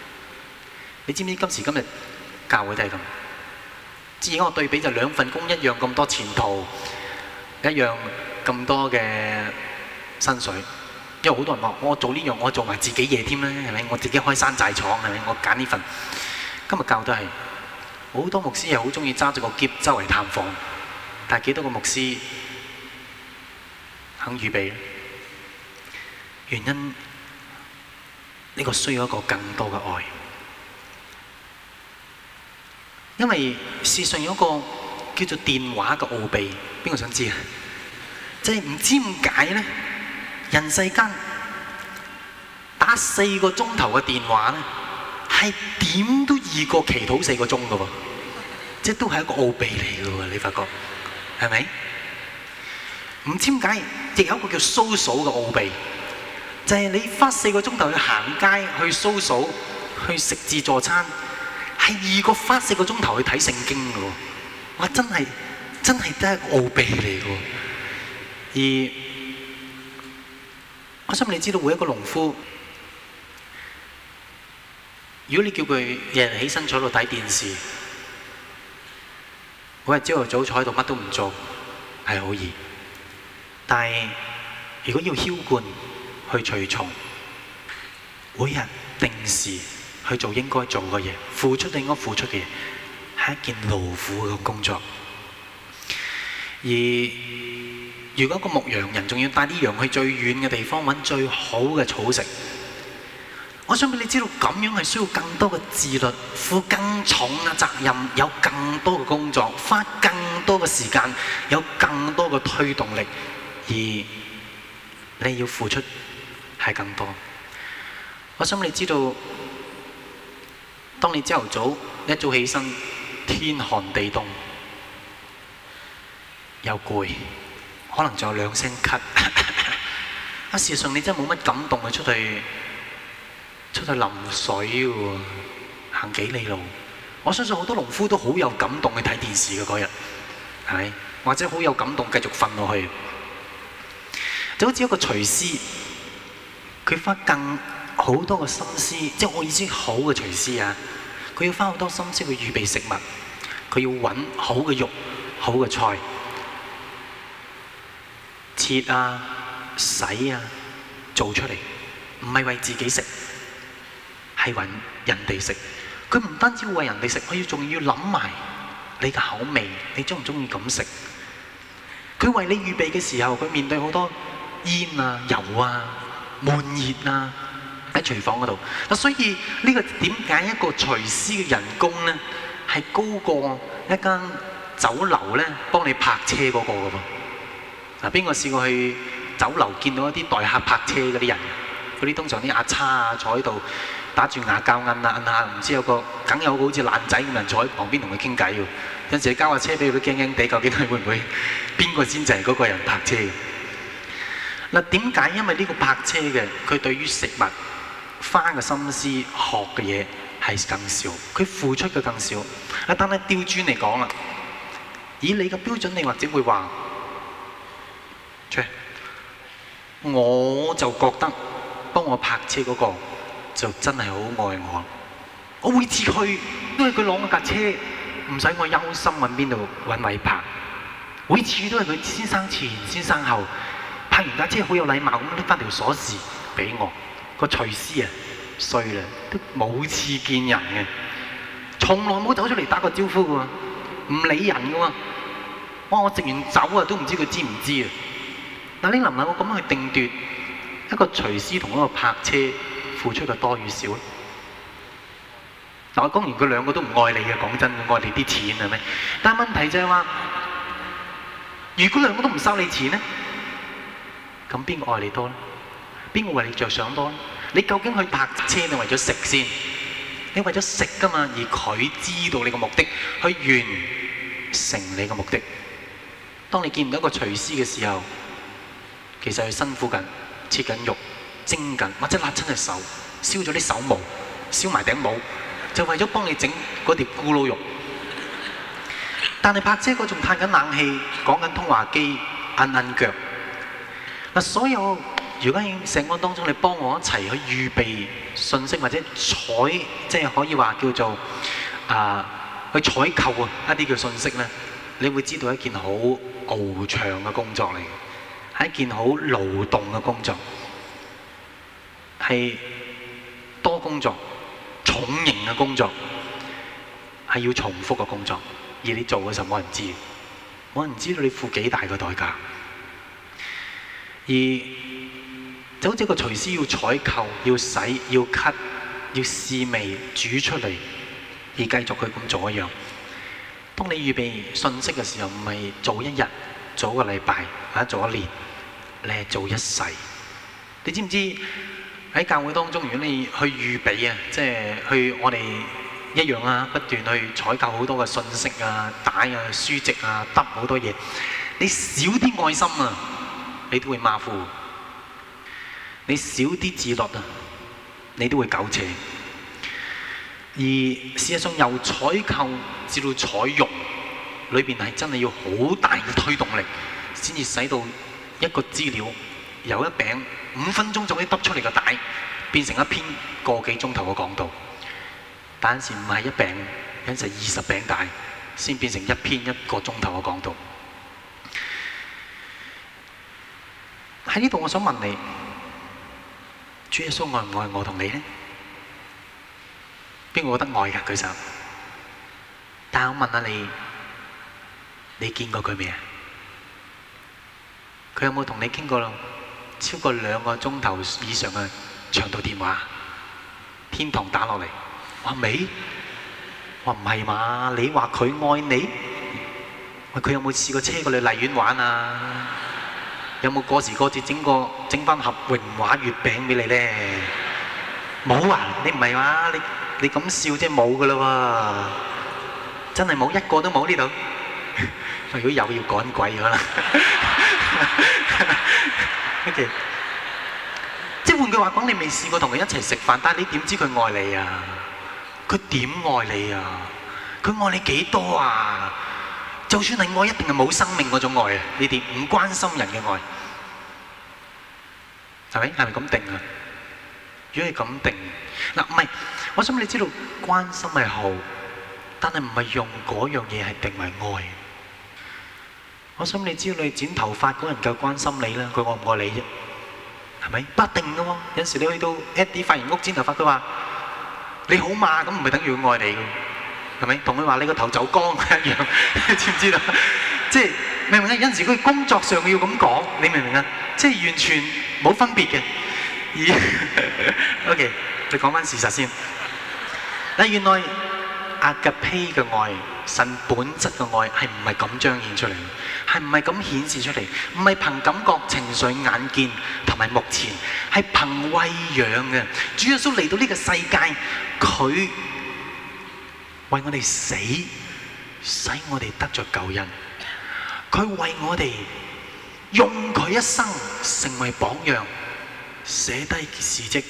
你知唔知今時今日教會都係咁？至於我對比就兩份工一樣咁多前途，一樣咁多嘅薪水。因為好多人話我做呢樣，我做埋自己嘢添啦，係咪？我自己開山寨廠，係咪？我揀呢份。今日教都係好多牧師又好中意揸住個篋周圍探訪，但係幾多個牧師肯預備咧？原因呢個需要一個更多嘅愛。因為世上有一個叫做電話嘅奧秘，邊個想知啊？即係唔知點解咧，人世間打四個鐘頭嘅電話咧，係點都易過祈禱四個鐘嘅喎。即都係一個奧秘嚟嘅喎，你發覺係咪？唔知點解，亦有一個叫做蘇嫂嘅奧秘，就係、是、你花四個鐘頭去行街、去蘇嫂、去食自助餐。係二個花四個鐘頭去睇聖經嘅，我真係真係得一個奧秘嚟嘅。而我想你知道，每一個農夫，如果你叫佢日日起身坐喺度睇電視，每日朝頭早坐喺度乜都唔做，係好易。但係如果要澆灌去除蟲，每日定時。去做應該做嘅嘢，付出應該付出嘅嘢，係一件勞苦嘅工作。而如果個牧羊人仲要帶啲羊去最遠嘅地方揾最好嘅草食，我想俾你知道，咁樣係需要更多嘅自律，負更重嘅責任，有更多嘅工作，花更多嘅時間，有更多嘅推動力，而你要付出係更多。我想俾你知道。當你朝頭早一早起身，天寒地凍，又攰，可能仲有兩聲咳。事實上你真係冇乜感動去出去，出去淋水喎，行幾里路。我相信好多農夫都好有感動去睇電視嘅嗰日，係咪？或者好有感動繼續瞓落去，就好似一個廚師，佢花更好多嘅心思，即我意思，好嘅廚師啊，佢要花好多心思去預備食物，佢要揾好嘅肉、好嘅菜、切啊、洗啊，做出嚟唔係為自己食，係為人哋食。佢唔單止為人哋食，佢要仲要諗埋你嘅口味，你鍾唔鍾意咁食？佢為你預備嘅時候，佢面對好多煙啊、油啊、悶熱啊。喺廚房嗰度，嗱，所以呢個點解一個廚師嘅人工咧係高過一間酒樓咧幫你泊車嗰個㗎噃？嗱，邊個試過去酒樓見到一啲代客泊車嗰啲人，嗰啲通常啲阿叉啊，坐喺度打住牙鉸嗯嗯啊，唔知有個梗有個好似爛仔咁樣坐喺旁邊同佢傾偈喎，有陣時交下車俾佢都驚驚地，究竟佢會唔會邊個先就係嗰個人泊車？嗱，點解因為呢個泊車嘅佢對於食物，花嘅心思、學嘅嘢係更少，佢付出嘅更少。但係刁鑽嚟講啊，以你嘅標準，你或者會話，Chief，我就覺得幫我泊車嗰個就真係好愛我。我每次去都係佢攞我架車，唔使我憂心揾邊度揾位泊。每次都係佢先生前、先生後泊完架車，好有禮貌咁拎翻條鎖匙俾我。個廚師啊衰啦，都冇次見人嘅，從來冇走出嚟打過招呼嘅喎，唔理人嘅喎、哦。我話我食完酒啊，都唔知佢知唔知啊。但你諗諗，我咁樣去定奪一個廚師同一個泊車付出嘅多與少。但我講完佢兩個都唔愛你嘅，講真，愛你啲錢係咪？但問題就係話，如果兩個都唔收你錢咧，咁邊個愛你多咧？邊個為你著想多咧？你究竟去拍車定為咗食先？你為咗食㗎嘛？而佢知道你個目的，去完成你個目的。當你見唔到一個廚師嘅時候，其實佢辛苦緊，切緊肉，蒸緊，或者辣親隻手，燒咗啲手毛，燒埋頂帽，就為咗幫你整嗰碟咕嚕肉。但係拍車嗰仲嘆緊冷氣，講緊通話機，揞揞腳。嗱，所有。如果喺成工當中，你幫我一齊去預備信息，或者採，即係可以話叫做啊、呃，去採購一啲嘅信息咧，你會知道一件好翱翔嘅工作嚟嘅，係一件好勞動嘅工作，係多工作、重型嘅工作，係要重複嘅工作，而你做嘅時候，冇人知，冇人知道你付幾大嘅代價，而。就好似個廚師要採購、要洗、要 cut、要試味、煮出嚟，而繼續去咁做一樣。當你預備信息嘅時候，唔係做一日、做一個禮拜，或者做一年，你係做一世。你知唔知喺教會當中，如果你去預備啊，即係去我哋一樣啊，不斷去採購好多嘅信息啊、帶啊、書籍啊、得好多嘢。你少啲愛心啊，你都會馬虎。你少啲自律啊，你都會苟且。而事實上，由採購至到採用，裏邊係真係要好大嘅推動力，先至使到一個資料由一餅五分鐘就可以得出嚟嘅帶，變成一篇個幾鐘頭嘅講道。但係唔係一餅，而係二十餅帶，先變成一篇一個鐘頭嘅講道。喺呢度，我想問你。主耶穌愛唔愛我同你呢？邊個覺得愛㗎？其實，但我問下你，你見過佢未啊？佢有冇同你傾過超過兩個鐘頭以上嘅長途電話，天堂打落嚟，話美，話唔係嘛？你話佢愛你，喂，佢有冇試過車過嚟麗園玩啊？有冇過時過節整個整返盒榮華月餅俾你呢？冇啊！你唔係嘛？你你咁笑即係冇噶啦喎！真係冇一個都冇呢度。 如果有要趕鬼咗啦。 okay. 即係換句話講，你未試過同佢一齊食飯，但係你點知佢愛你啊？佢點愛你啊？佢愛你幾多啊？就算你愛，一定係冇生命嗰種愛啊！你哋唔關心人嘅愛，係咪？係咪咁定啊？如果係咁定，嗱唔係，我想你知道關心係好，但係唔係用嗰樣嘢係定為愛。我想你知道你剪頭髮嗰人夠關心你啦，佢愛唔愛你啫？係咪？不定噶喎，有陣時你去到一啲髮型屋剪頭髮，佢話你好嘛，咁唔係等於愛你噶。係咪？同佢話你個頭走光一樣，知唔知道？即係明唔明啊？有陣時佢工作上要咁講，你明唔明啊？即係完全冇分別嘅。OK，你講翻事實先。但原來阿格披嘅愛，神本質嘅愛係唔係咁彰顯出嚟？係唔係咁顯示出嚟？唔係憑感覺、情緒、眼見同埋目前，係憑餵養嘅。主耶穌嚟到呢個世界，佢。為我哋死，使我哋得着救恩。佢為我哋用佢一生成為榜樣，寫低事蹟，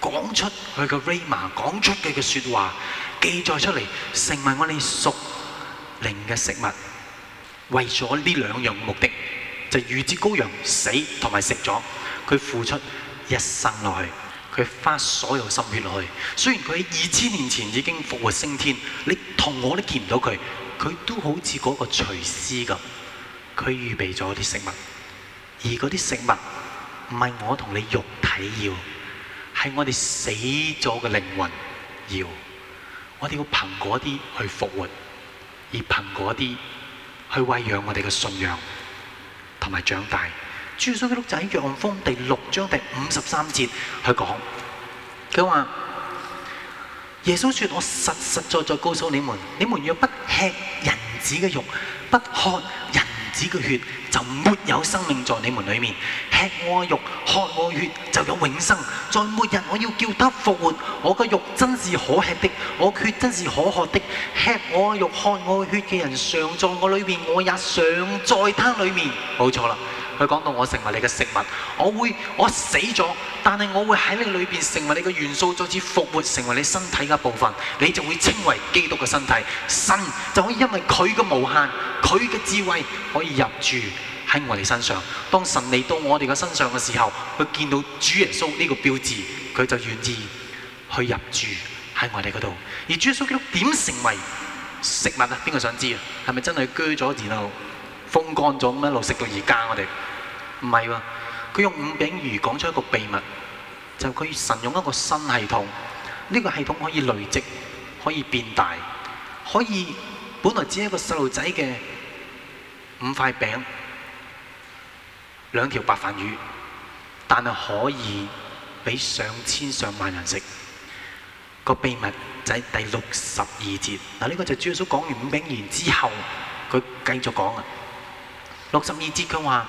講出佢嘅 rhema，講出佢嘅說話，記載出嚟，成為我哋屬靈嘅食物。為咗呢兩樣目的，就如、是、子羔羊死同埋食咗，佢付出一生落去。佢花所有心血落去，雖然佢喺二千年前已經復活升天，你同我都見唔到佢，佢都好似嗰個廚師咁，佢預備咗啲食物，而嗰啲食物唔係我同你肉體要，係我哋死咗嘅靈魂要，我哋要憑嗰啲去復活，而憑嗰啲去餵養我哋嘅信仰，同埋長大。《柱石的碌仔》就喺約翰第六章第五十三節，佢講：佢話耶穌說，我實實在在告訴你們，你們若不吃人子嘅肉，不喝人子嘅血，就沒有生命在你們裏面。吃我肉，喝我血，就有永生。在末日我要叫他復活。我嘅肉真是可吃的，我血真是可喝的。吃我肉，喝我血嘅人，常在我裏面，我也常在他裏面。冇錯啦。佢講到我成為你嘅食物，我會我死咗，但係我會喺你裏邊成為你嘅元素，再次復活成為你身體嘅一部分，你就會稱為基督嘅身體。神就可以因為佢嘅無限，佢嘅智慧可以入住喺我哋身上。當神嚟到我哋嘅身上嘅時候，佢見到主耶穌呢個標誌，佢就願意去入住喺我哋嗰度。而主耶穌基督點成為食物啊？邊個想知啊？係咪真係鋸咗然後風乾咗咁一路食到而家我哋？唔係喎，佢用五餅魚講出一個秘密，就佢，是，神用一個新系統，呢，這個系統可以累積，可以變大，可以本來只係一個細路仔嘅五塊餅兩條白飯魚，但係可以俾上千上萬人食。那個秘密就喺第六十二節。嗱，呢個就是主耶穌講完五餅魚之後，佢繼續講啊。六十二節佢話。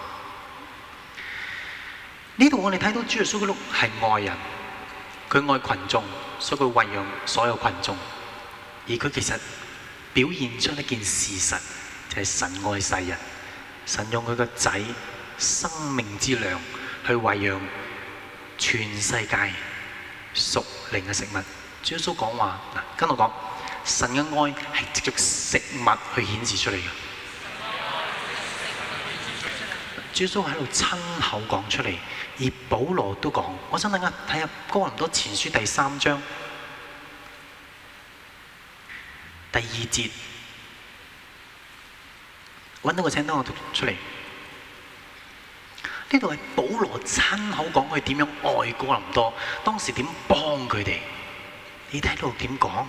呢度我哋睇到主耶穌嘅碌係愛人，佢愛群眾，所以佢餵養所有群眾。而佢其實表現出一件事實，就係神愛世人，神用佢個仔生命之糧去餵養全世界屬靈嘅食物。主耶穌講話，嗱，跟我講，神嘅愛係藉着食物去顯示出嚟嘅。主耶穌喺度親口講出嚟。而保羅都講，我想大家睇下哥林多前書第三章第二節，搵到個請單我讀出嚟。呢度係保羅親口講佢點樣愛哥林多，當時點幫佢哋？你睇到點講？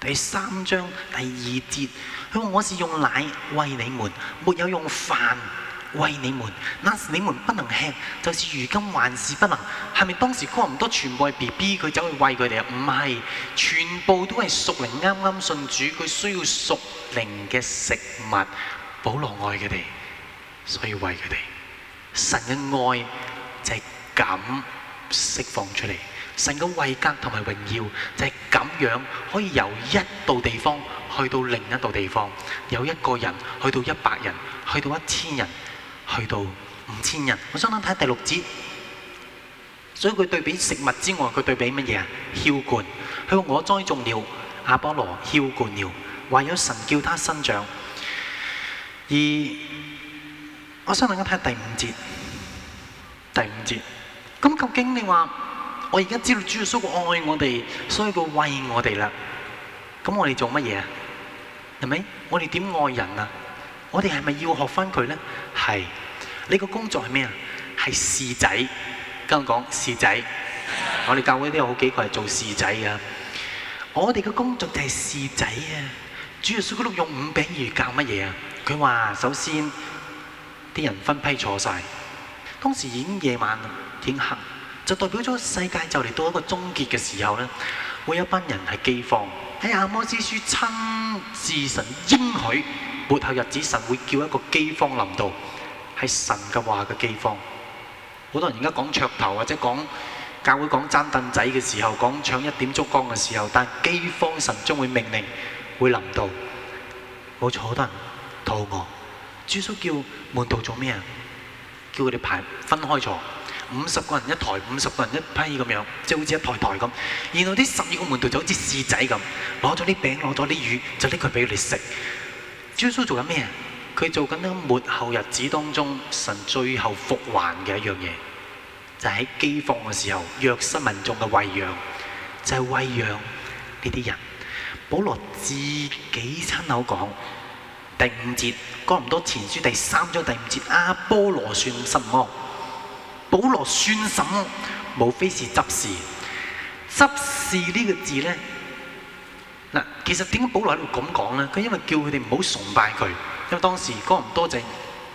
第三章第二節，佢話我是用奶喂你們，沒有用飯。餵你們，那是你們不能吃，就是如今還是不能。係咪當時哥唔多全部係 B B 佢走去餵佢哋啊？唔係，全部都係屬靈啱啱信主，佢需要屬靈嘅食物。保羅愛佢哋，所以餵佢哋。神嘅愛就係咁釋放出嚟。神嘅位格同埋榮耀就係咁樣，可以由一度地方去到另一度地方，有一個人去到一百人，去到一千人。去到五千人，我想睇第六節。所以佢對比食物之外，佢對比乜嘢啊？澆灌。佢話我栽種了亞波羅澆灌了，唯有神叫他生長。而我想大家睇第五節。第五節，咁究竟你話我而家知道主耶穌愛我哋，所以佢喂我哋啦。咁我哋做乜嘢啊？係咪？我哋點愛人啊？我哋係咪要學翻佢，咧？係，你個工作係咩啊？係侍仔，跟我講侍仔。我哋教會都有好幾個係做侍仔噶。我哋嘅工作就係侍仔啊！主耶穌基督用五餅魚教乜嘢啊？佢話首先啲人分批坐晒，當時已經夜晚天黑，就代表咗世界就嚟到一個終結嘅時候咧。會有一班人係饑荒，喺阿摩司書親自神應許。末後日子，神會叫一個饑荒臨到，係神嘅話嘅饑荒。好多人而家講噱頭或者講教會講爭凳仔嘅時候，講搶一點燭光嘅時候，但饑荒神將會命令會臨到。冇錯，好多人肚餓。耶穌叫門徒做咩啊？叫佢哋排分開坐，五十個人一台，五十個人一批咁樣，即係好似一台台咁。然後啲十二個門徒就好似侍仔咁，攞咗啲餅攞咗啲魚，就拎佢俾佢哋食。耶穌做緊咩啊？佢做緊呢個末後日子當中，神最後復還嘅一樣嘢，就係喺饑荒嘅時候，約失民眾嘅餵養，就係餵養呢啲人。保羅自己親口講，第五節，講哥林多前書第三章第五節，阿波羅算什麼？保羅算什麼？無非是執事。執事呢個字呢。其實點解保羅喺度咁講咧？佢因為叫佢哋唔好崇拜佢，因為當時哥林多正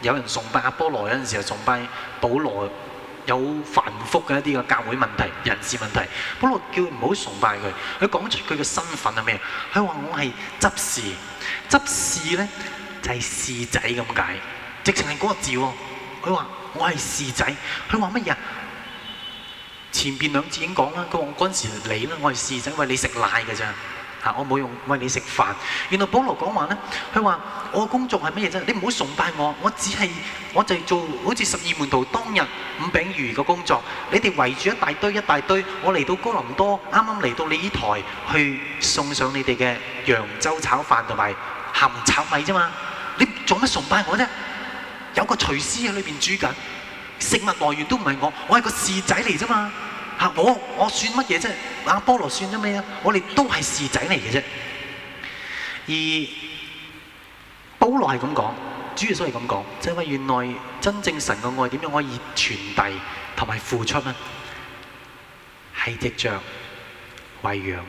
有人崇拜阿波羅，有陣時又崇拜保羅，羅有繁複嘅一啲嘅教會問題、人事問題。保羅叫佢唔好崇拜佢，佢講出佢嘅身份係咩？佢話我係執事，執事咧就係、是、侍仔咁解，直情係嗰個字。佢話我係侍仔，佢話乜嘢啊？前邊兩次已經講啦，佢話嗰陣時你咧，我係侍仔，因為你食奶㗎咋。嚇！我冇用餵你食飯。原來保羅講話咧，佢話我嘅工作係乜嘢啫？你唔好崇拜我，我只係我就係做好似十二門徒當日五餅魚嘅工作。你哋圍住一大堆一大堆，我嚟到哥林多，啱啱嚟到你呢台去送上你哋嘅揚州炒飯同埋鹹炒米啫嘛。你做乜崇拜我啫？有個廚師喺裏邊煮緊，食物來源都唔係我，我係個侍仔嚟啫嘛。我我算乜嘢啫？阿波羅算咗咩？我哋都係士仔嚟嘅啫。而保羅係咁講，主耶穌係咁講，即係話原來真正神嘅愛點樣可以傳遞同埋付出咧？係藉着餵養，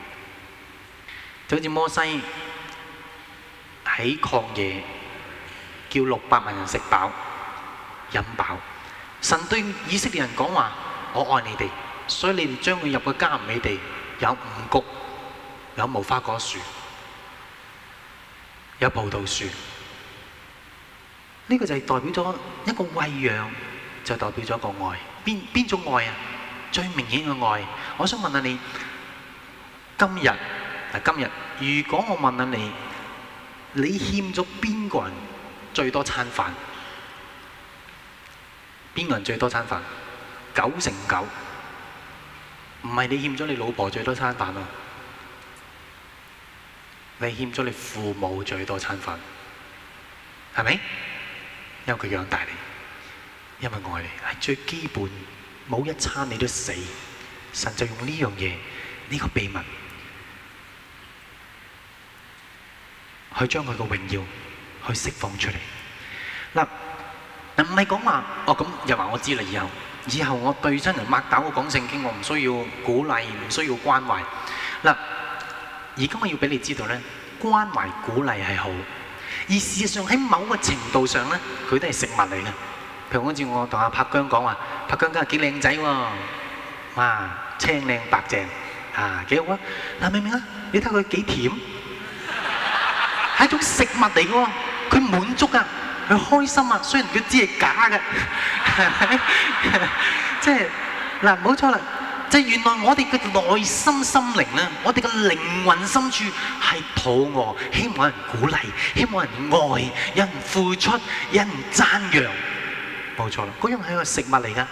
就好似摩西喺曠野叫六百萬人食飽飲飽，神對以色列人講話：我愛你哋。所以你哋將佢入個迦南地，有五谷，有無花果樹，有葡萄樹。呢、這個就係代表咗一個喂養，就代表咗一個愛。邊邊種愛啊？最明顯嘅愛。我想問下你，今日今日，如果我問下你，你欠咗邊個人最多餐飯？邊個人最多餐飯？九成九。唔係你欠咗你老婆最多餐飯啊，你欠咗你父母最多餐飯，係咪？因為佢養大你，因為愛你係最基本，冇一餐你都死，神就用呢樣嘢，呢個秘密去將佢嘅榮耀去釋放出嚟。嗱，唔係講話，哦咁、哦、又話我知啦，以後。以後我對親人擘大口講聖經，我唔需要鼓勵，唔需要關懷。嗱，而家我要俾你知道咧，關懷鼓勵係好，而事實上喺某個程度上咧，佢都係食物嚟嘅。譬如好似我同阿柏姜講話，柏姜家幾靚仔喎，啊，青靚白淨，啊，幾好啊，睇唔睇啊？你睇佢幾甜，係一種食物嚟嘅，佢滿足啊！佢開心啊，雖然佢知係假嘅，即係嗱，冇錯啦，即係原來我哋嘅內心心靈咧，我哋嘅靈魂深處係肚餓，希望有人鼓勵，希望有人愛，有人付出，有人讚揚，冇錯啦，嗰樣係一個食物嚟㗎，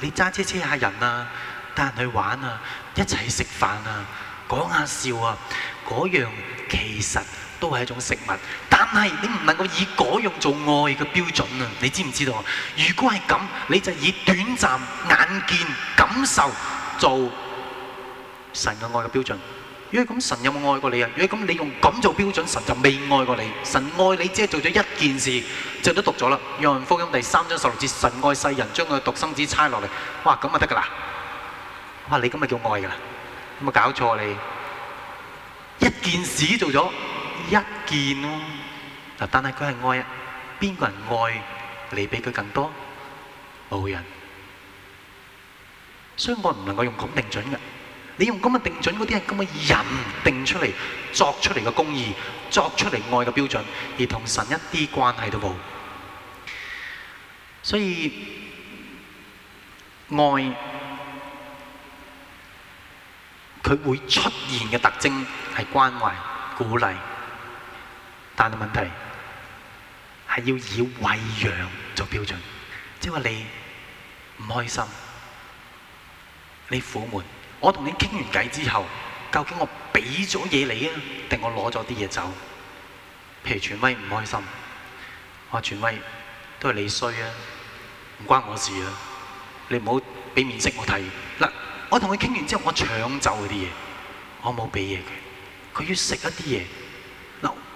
你揸車車下人啊，帶人去玩啊，一齊食飯啊，講下笑啊，嗰樣其實，都係一種食物，但係你唔能夠以嗰樣做愛嘅標準啊！你知唔知道啊？如果係咁，你就以短暫、眼見、感受做神嘅愛嘅標準。如果咁，神有冇愛過你啊？如果咁，你用咁做標準，神就未愛過你。神愛你只係做咗一件事，就都讀咗啦。約翰福音第三章十六節：神愛世人，將個獨生子差落嚟。哇，咁啊得噶啦！哇，你咁咪叫愛噶啦？咁啊搞錯你，一件事做咗。一件咯，嗱，但係佢係愛邊個人愛你比佢更多，冇人，所以我唔能夠用咁定準嘅。你用咁嘅定準嗰啲係咁嘅人定出嚟、作出嚟嘅公義，作出嚟愛嘅標準，而同神一啲關係都冇，所以愛佢會出現嘅特徵係關懷、鼓勵。但係問題係要以餵養做標準，即係話你唔開心，你苦悶，我同你傾完偈之後，究竟我畀咗嘢你啊，定我攞咗啲嘢走？譬如傳威唔開心，我話傳威都係你衰啊，唔關我事啊，你唔好畀面色我睇。嗱，我同佢傾完之後，我搶走嗰啲嘢，我冇畀嘢佢，佢要食一啲嘢。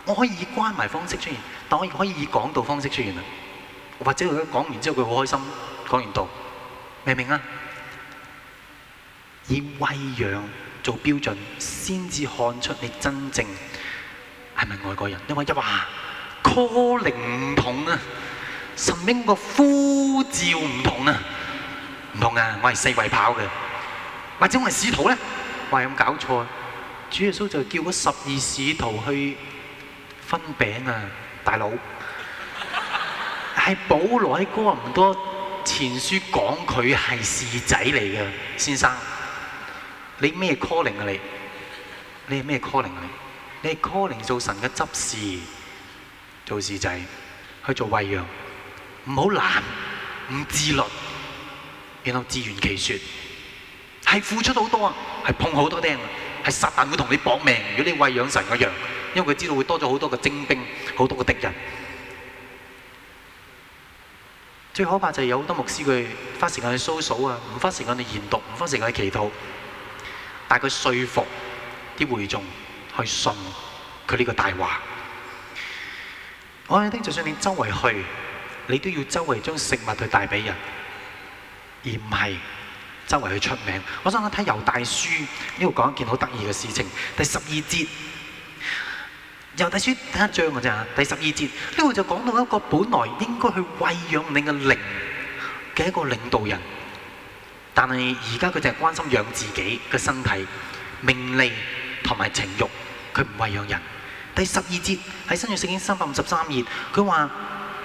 我可以以關埋方式出現，但我可以可以以講道方式出現啊！或者佢講完之後佢好開心，講完道明唔明啊？以喂養做標準，先至看出你真正係咪外國人？因為一話 calling 唔同啊，甚至個呼召唔同啊，唔同啊！我係四圍跑嘅，或者我係使徒咧，話有冇搞錯。主耶穌就叫嗰十二使徒去。分餅啊，大佬！係保羅喺哥林多前書講佢係士仔嚟嘅，先生，你咩 calling 啊你？你係咩 calling 啊你？你係 calling 做神嘅執事，做士仔去做喂養，唔好懶，唔自律，然後自圓其説，係付出好多啊，係碰好多釘啊，係撒但會同你搏命，如果你喂養神嘅羊。因為佢知道會多咗好多個精兵，好多個敵人。最可怕就係有好多牧師佢花時間去數數啊，唔花時間去研讀，唔花時間去祈禱，但係佢說服啲會眾去信佢呢個大話。我諗就算你周圍去，你都要周圍將食物去帶俾人，而唔係周圍去出名。我想睇睇《猶大書》，呢度講一件好得意嘅事情，第十二節。《猶大書第一章嘅啫，第十二節，呢度就講到一個本來應該去餵養你嘅靈嘅一個領導人，但係而家佢淨係關心養自己嘅身體、名利同埋情欲，佢唔餵養人。第十二節喺新約聖經三百五十三頁，佢話：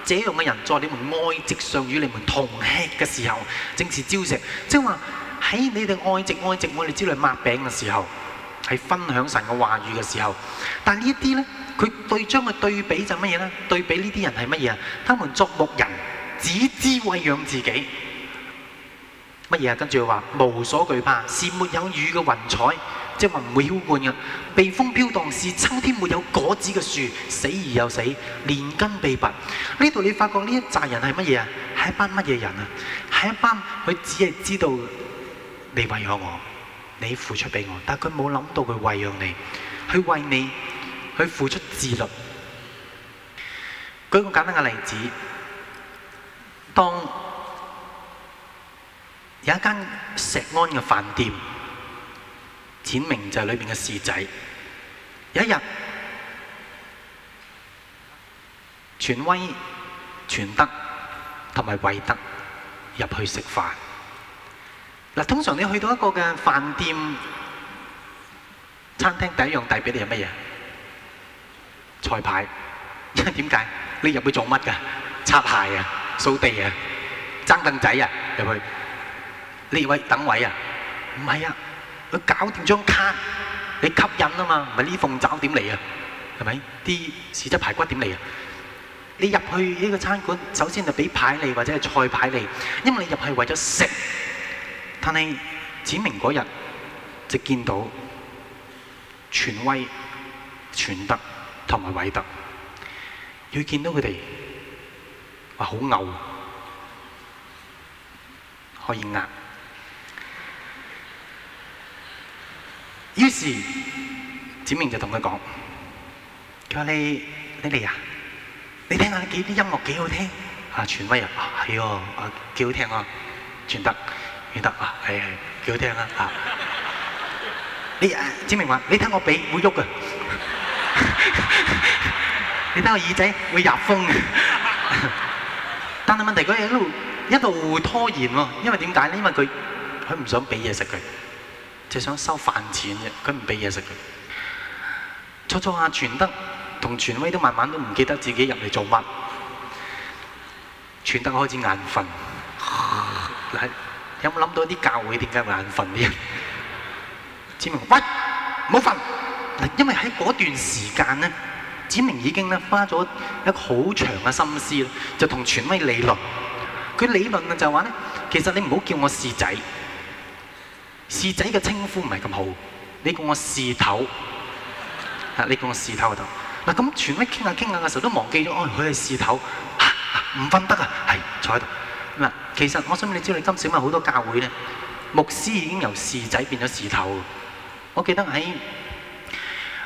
這樣嘅人在你們愛席上與你們同吃嘅時候，正是礁石，即係話喺你哋愛席愛席我哋之類抹餅嘅時候，喺分享神嘅話語嘅時候，但呢一啲咧。佢對將佢對比就乜嘢咧？對比呢啲人係乜嘢啊？他們作牧人，只知餵養自己。乜嘢啊？跟住佢話：無所懼怕，是沒有雨嘅雲彩，即係話唔會澆灌嘅；被風飄蕩，是秋天沒有果子嘅樹，死而又死，連根被拔。呢度你發覺呢一紮人係乜嘢啊？係一班乜嘢人啊？係一班佢只係知道你餵養我，你付出俾我，但係佢冇諗到佢餵養你，去為你。去付出自律。舉一個簡單嘅例子，當有一間石安嘅飯店，展明就係裏面嘅侍仔。有一日，傳威、傳德同埋惠德入去食飯。嗱，通常你去到一個嘅飯店、餐廳，第一樣遞俾你係乜嘢？菜牌，點解？你入去做乜噶？擦鞋啊、掃地啊、爭凳仔啊，入去？你以為等位啊？唔係啊，佢搞掂張卡，你吸引啊嘛，唔係呢鳳爪點嚟啊？係咪？啲豉汁排骨點嚟啊？你入去呢個餐館，首先就俾牌你或者係菜牌你，因為你入去為咗食。但係指明嗰日就見到權威、權德。同埋韋德，佢見到佢哋話好牛，可以壓。於是子明就同佢講：，佢話你，你嚟啊，你聽下你啲音樂幾好聽啊？傳威啊，係喎，啊幾好聽啊，傳德，傳德啊，係係幾好聽啦啊！你子明話：，你聽我俾會喐嘅。你睇我耳仔會入風嘅，但係問題佢哋一路一路拖延喎，因為點解咧？因為佢佢唔想俾嘢食佢，淨係想收飯錢啫。佢唔俾嘢食佢。初初阿傳德同傳威都慢慢都唔記得自己入嚟做乜，傳德開始眼瞓，有冇諗到啲教會點解眼瞓啲？知唔知？喂，唔好瞓，因為喺嗰段時間咧。子明已經咧花咗一個好長嘅心思，就同傳威理論。佢理論就話咧，其實你唔好叫我侍仔，侍仔嘅稱呼唔係咁好。你叫我侍頭，啊，你叫我侍頭啊，你叫我侍頭啊，嗱，咁傳威傾下傾下嘅時候都忘記咗，哦，佢係侍頭，唔分得啊，係、啊、坐喺度。咁其實我想你知你今次有好多教會咧，牧師已經由侍仔變咗侍頭。我記得喺。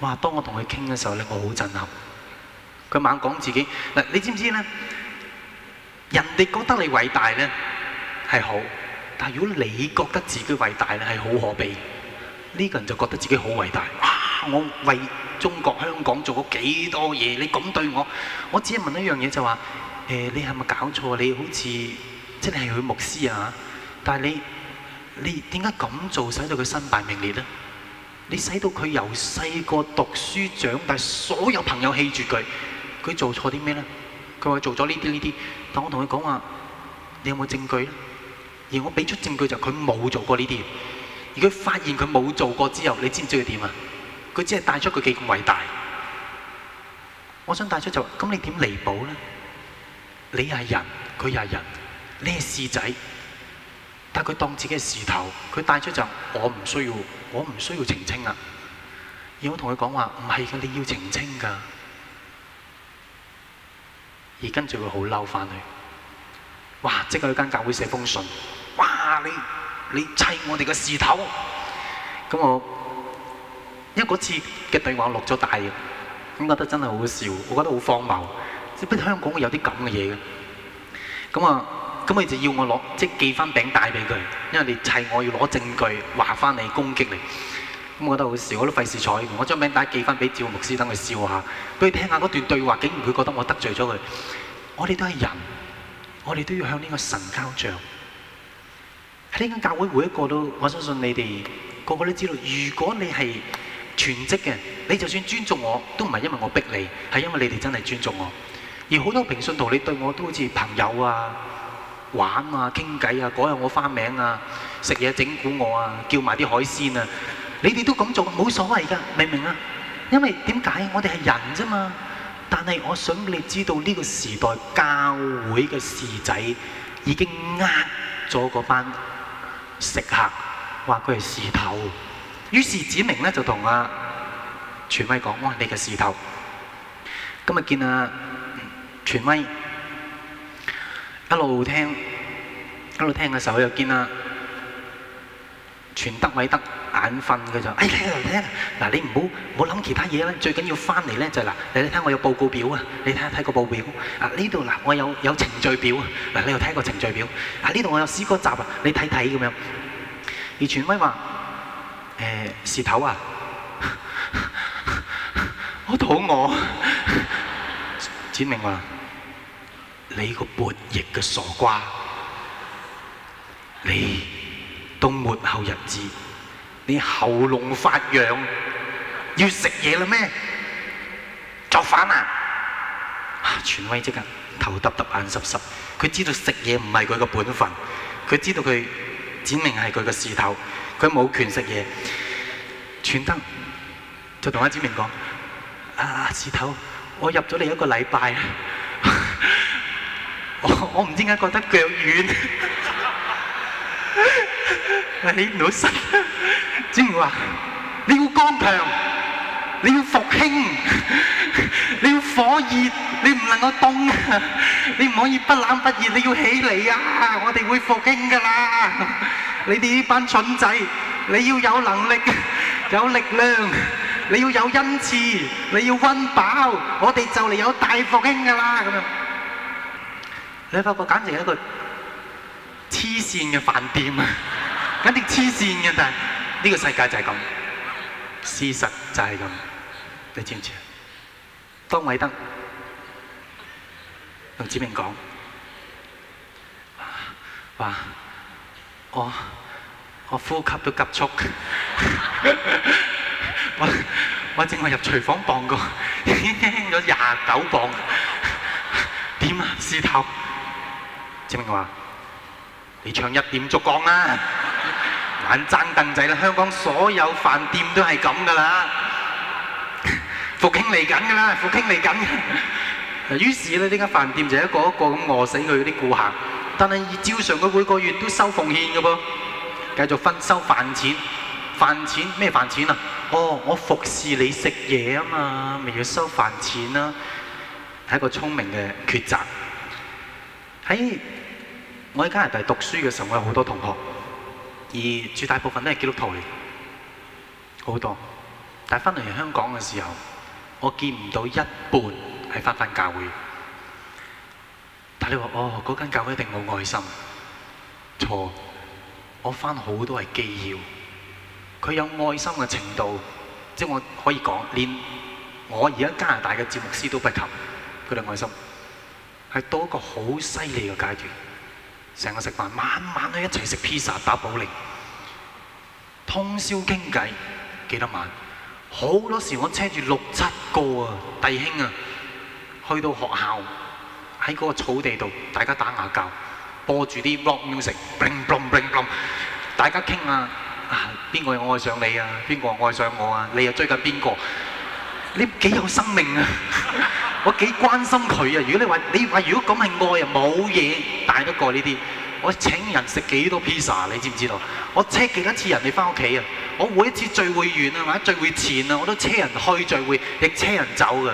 哇！當我同佢傾嘅時候咧，我好震撼。佢猛講自己嗱，你知唔知咧？人哋覺得你偉大咧係好，但係如果你覺得自己偉大咧係好可悲。呢、這個人就覺得自己好偉大。哇！我為中國香港做過幾多嘢？你咁對我，我只係問一樣嘢就話、是：誒、呃，你係咪搞錯？你好似即係佢牧師啊？但係你你點解咁做，使到佢身敗名裂咧？你使到佢由細個讀書長大，所有朋友棄住佢，佢做錯啲咩咧？佢話做咗呢啲呢啲，但我同佢講話，你有冇證據呢？而我俾出證據就佢、係、冇做過呢啲，而佢發現佢冇做過之後，你知唔知佢點啊？佢只係帶出佢幾咁偉大，我想帶出就話，咁你點彌補呢？你係人，佢係人，你係獅仔？但佢當自己係士頭，佢帶出就我唔需要，我唔需要澄清啊！而我同佢講話唔係嘅，你要澄清噶，而跟住佢好嬲翻去，哇！即刻去間教會寫封信，哇！你你砌我哋嘅士頭，咁我因嗰次嘅對話錄咗大，咁覺得真係好笑，我覺得好荒謬，點解香港會有啲咁嘅嘢嘅？咁啊！咁佢就要我攞，即係寄翻餅帶俾佢，因為你砌我要攞證據話翻你攻擊你，咁我覺得好笑，我都費事睬，我將餅帶寄翻俾趙牧師，等佢笑下，佢聽下嗰段對話，竟然佢覺得我得罪咗佢，我哋都係人，我哋都要向呢個神交賬。喺呢間教會每一個都，我相信你哋個個都知道，如果你係全職嘅，你就算尊重我都唔係因為我逼你，係因為你哋真係尊重我。而好多平信徒，你對我都好似朋友啊。玩啊，傾偈啊，嗰日我翻名啊，食嘢整蠱我啊，叫埋啲海鮮啊，你哋都咁做，冇所謂噶，明唔明啊？因為點解？我哋係人啫嘛。但係我想你知道呢個時代教會嘅侍仔已經呃咗嗰班食客，話佢係侍頭。於是子明咧就同阿全威講：，哇，你係侍頭。今日見阿全威。一路聽，一路聽嘅時候又見啦，全德偉德眼瞓佢就，哎聽啊聽啊，嗱你唔好唔好諗其他嘢啦，最緊要翻嚟咧就係嗱，你睇下我有報告表啊，你睇一睇個報表，啊呢度嗱我有有程序表啊，嗱你又睇個程序表，啊呢度我有詩歌集啊，你睇睇咁樣。而全威話：，誒，事頭啊，我肚餓。展明話。你個叛逆嘅傻瓜，你到末後日子，你喉嚨發癢，要食嘢啦咩？作反啊！權、啊、威即刻頭耷耷眼濕濕，佢知道食嘢唔係佢個本分，佢知道佢展明係佢個侍頭，佢冇權食嘢，喘得就同阿展明講：啊侍頭，我入咗你一個禮拜。我唔知點解覺得腳軟 起唔到身， 你老實，即係話你要剛強，你要復興， 你要火熱，你唔能夠凍， 你唔可以不冷不熱，你要起嚟啊！我哋會復興噶啦， 你哋呢班蠢仔，你要有能力，有力量，你要有恩賜，你要温飽，我哋就嚟有大復興噶啦咁樣。你發覺簡直係一個黐線嘅飯店啊！簡直黐線嘅，但係呢個世界就係咁，事實就係咁，你知唔知啊？當偉德同子明講話，我我呼吸都急促，我我正話入廚房磅個有廿九磅，點啊試頭！請問我話你唱一點燭光啦，玩 爭凳仔啦，香港所有飯店都係咁噶啦，復興嚟緊噶啦，復興嚟緊。於是咧，呢間飯店就一個一個咁餓死佢嗰啲顧客，但係照常，佢每個月都收奉獻噶噃，繼續分收飯錢，飯錢咩飯錢啊？哦，我服侍你食嘢啊嘛，咪要收飯錢啦，啊，係一個聰明嘅抉擇喺。哎我喺加拿大讀書嘅時候，我有好多同學，而絕大部分都係基督徒嚟，好多。但翻嚟香港嘅時候，我見唔到一半係翻返教會。但你話哦，嗰間教會一定冇愛心？錯，我翻好多係基要，佢有愛心嘅程度，即我可以講，連我而家加拿大嘅節目師都不及佢嘅愛心，係到一個好犀利嘅階段。成日食飯，晚晚都一齊食披薩打保齡，通宵傾偈幾多晚？好多時我車住六七個啊弟兄啊，去到學校喺嗰個草地度，大家打牙膠，播住啲 rock music，大家傾啊啊邊個又愛上你啊？邊個愛上我啊？你又追緊邊個？你幾有生命啊！ 我幾關心佢啊！如果你話，你話如果咁係愛啊，冇嘢大得過呢啲。我請人食幾多 pizza，你知唔知道？我車幾多次人嚟翻屋企啊！我每一次聚會完啊，或者聚會前啊，我都車人去聚會，亦車人走嘅。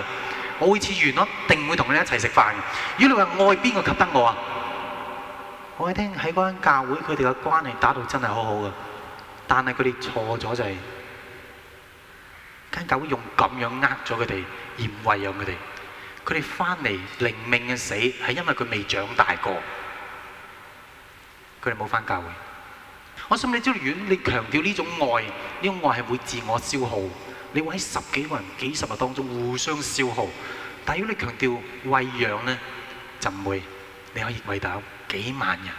我每次完咯，一定會同你一齊食飯。如果你話愛邊個及得我啊？我聽喺嗰間教會佢哋嘅關係打到真係好好嘅，但係佢哋錯咗就係間教會用咁樣呃咗佢哋，而唔餵養佢哋。佢哋返嚟靈命嘅死，係因為佢未長大過。佢哋冇返教會。我想你招遠，你強調呢種愛，呢種愛係會自我消耗。你會喺十幾個人、幾十日當中互相消耗。但如果你強調餵養咧，就唔會。你可以餵到幾萬人、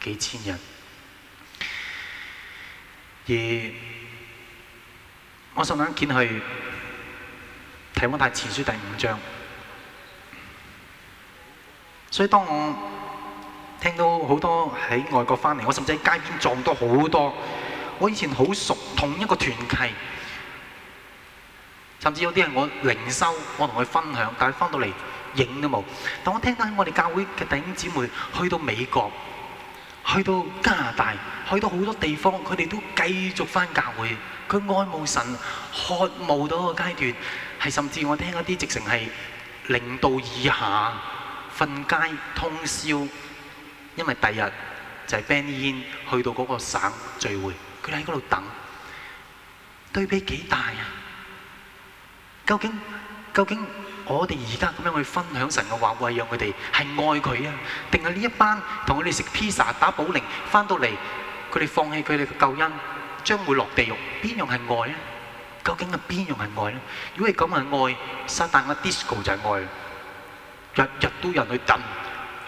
幾千人。而我上眼見佢。《提摩太前書》第五章，所以當我聽到好多喺外國翻嚟，我甚至喺街邊撞到好多我以前好熟同一個團契，甚至有啲係我靈修，我同佢分享，但係翻到嚟影都冇。但我聽到我哋教會嘅弟兄姊妹去到美國，去到加拿大，去到好多地方，佢哋都繼續翻教會，佢愛慕神，渴慕到一個階段。係甚至我聽一啲直情係零度以下瞓街通宵，因為第日就係 Benny Hinn 去到嗰個省聚會，佢哋喺嗰度等。對比幾大啊？究竟究竟我哋而家咁樣去分享神嘅話，餵養佢哋係愛佢啊，定係呢一班同佢哋食披薩打保齡翻到嚟，佢哋放棄佢哋嘅救恩，將會落地獄，邊樣係愛啊？究竟啊邊樣係愛咧？如果係講係愛，沙灘個 disco 就係愛，日日都有人去震、